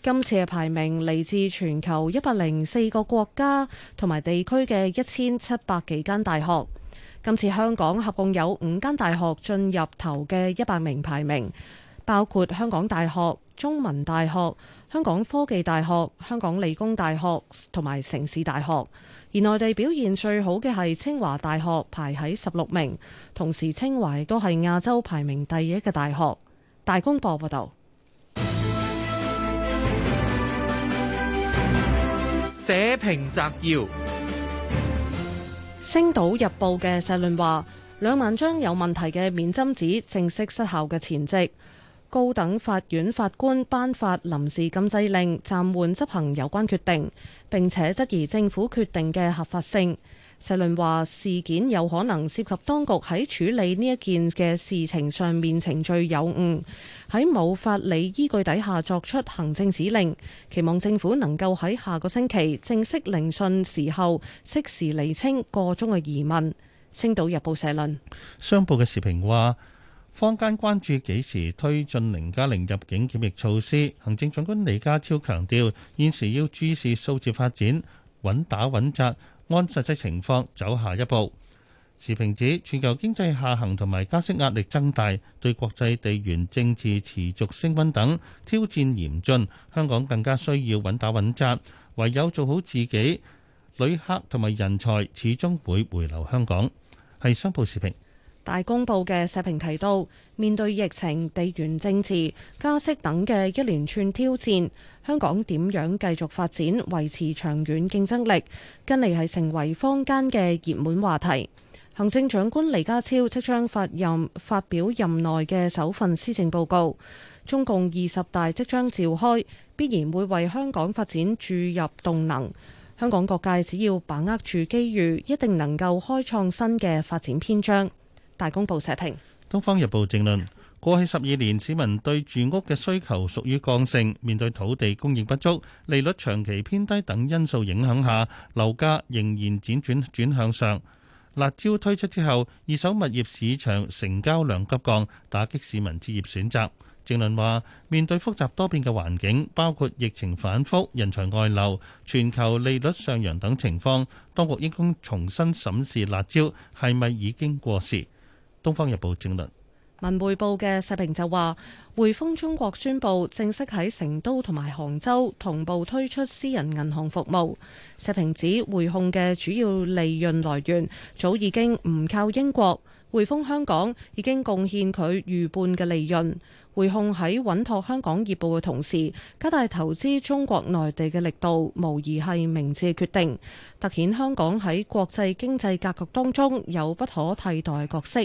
今次嘅排名嚟自全球一百零四個國家同埋地區嘅一千七百幾間大學。今次香港合共有五間大學進入頭嘅一百名排名，包括香港大學、中文大學、香港科技大學、香港理工大學同埋城市大學。而內地表現最好嘅係清華大學，排喺十六名，同時清華都係亞洲排名第一嘅大學。大公報報道，社評摘要：星島日報嘅社論話，兩萬張有問題嘅免針紙正式失效嘅前夕。高等法院法官頒發臨時禁制令，暫緩執行有關決定。並且質疑政府決定嘅合法性。社論話事件有可能涉及當局喺處理呢一件嘅事情上面程序有誤，喺冇法理依據底下作出行政指令。期望政府能夠喺下個星期正式聆訊時候，適時釐清個中嘅疑問。星島日報社論商報嘅時評話。坊間關注幾時推進零加零入境檢疫措施，行政長官李家超強調，現時要注視數字發展，穩打穩扎，按實際情況走下一步。時評指，全球經濟下行同埋加息壓力增大，對國際地緣政治持續升温等挑戰嚴峻，香港更加需要穩打穩扎，唯有做好自己，旅客同埋人才始終會回流香港。係商報時評。大公報嘅社評提到，面對疫情、地緣政治、加息等嘅一連串挑戰，香港點樣繼續發展、維持長遠競爭力，近嚟係成為坊間嘅熱門話題。行政長官李家超即將發任發表任內嘅首份施政報告。中共二十大即將召開，必然會為香港發展注入動能。香港各界只要把握住機遇，一定能夠開創新嘅發展篇章。大公報社評，《東方日報》正論：過去十二年，市民對住屋嘅需求屬於剛性，面對土地供應不足、利率長期偏低等因素影響下，樓價仍然輾轉轉向上。辣招推出之後，二手物業市場成交量急降，打擊市民置業選擇。正論話：面對複雜多變嘅環境，包括疫情反覆、人才外流、全球利率上揚等情況，當局應該重新審視辣招係咪已經過時。《東方日報》政論文匯報嘅社評就話：匯豐中國宣布正式喺成都同埋杭州同步推出私人銀行服務。社評指匯控嘅主要利潤來源早已經唔靠英國，匯豐香港已經貢獻佢逾半嘅利潤。匯控喺穩妥香港業務嘅同時，加大投資中國內地嘅力度，無疑係明智決定，突顯香港喺國際經濟格局當中有不可替代嘅角色。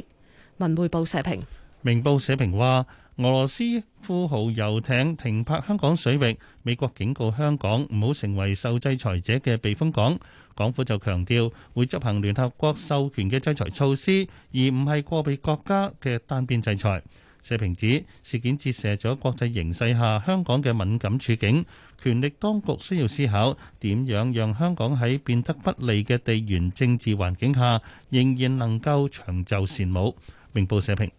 文匯報社評，明報社評話，俄羅斯富豪遊艇停泊香港水域，美國警告香港唔好成為受制裁者嘅避風港。港府就強調會執行聯合國授權嘅制裁措施，而唔係個別國家嘅單邊制裁。社評指事件折射咗國際形勢下香港嘅敏感處境，權力當局需要思考點樣讓香港喺變得不利嘅地緣政治環境下，仍然能夠長袖善舞。明報社評。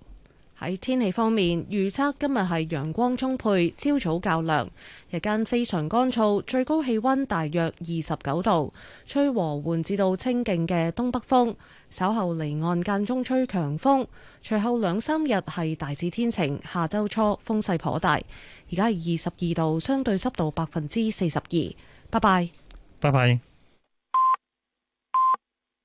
喺天氣方面，預測今日係陽光充沛，朝早較涼，日間非常乾燥，最高氣溫大約二十九度，吹和緩至到清勁嘅東北風，稍後離岸間中吹強風，隨後兩三日係大致天晴，下周初風勢頗大。而家係二十二度，相對濕度百分之四十二。拜拜，拜拜。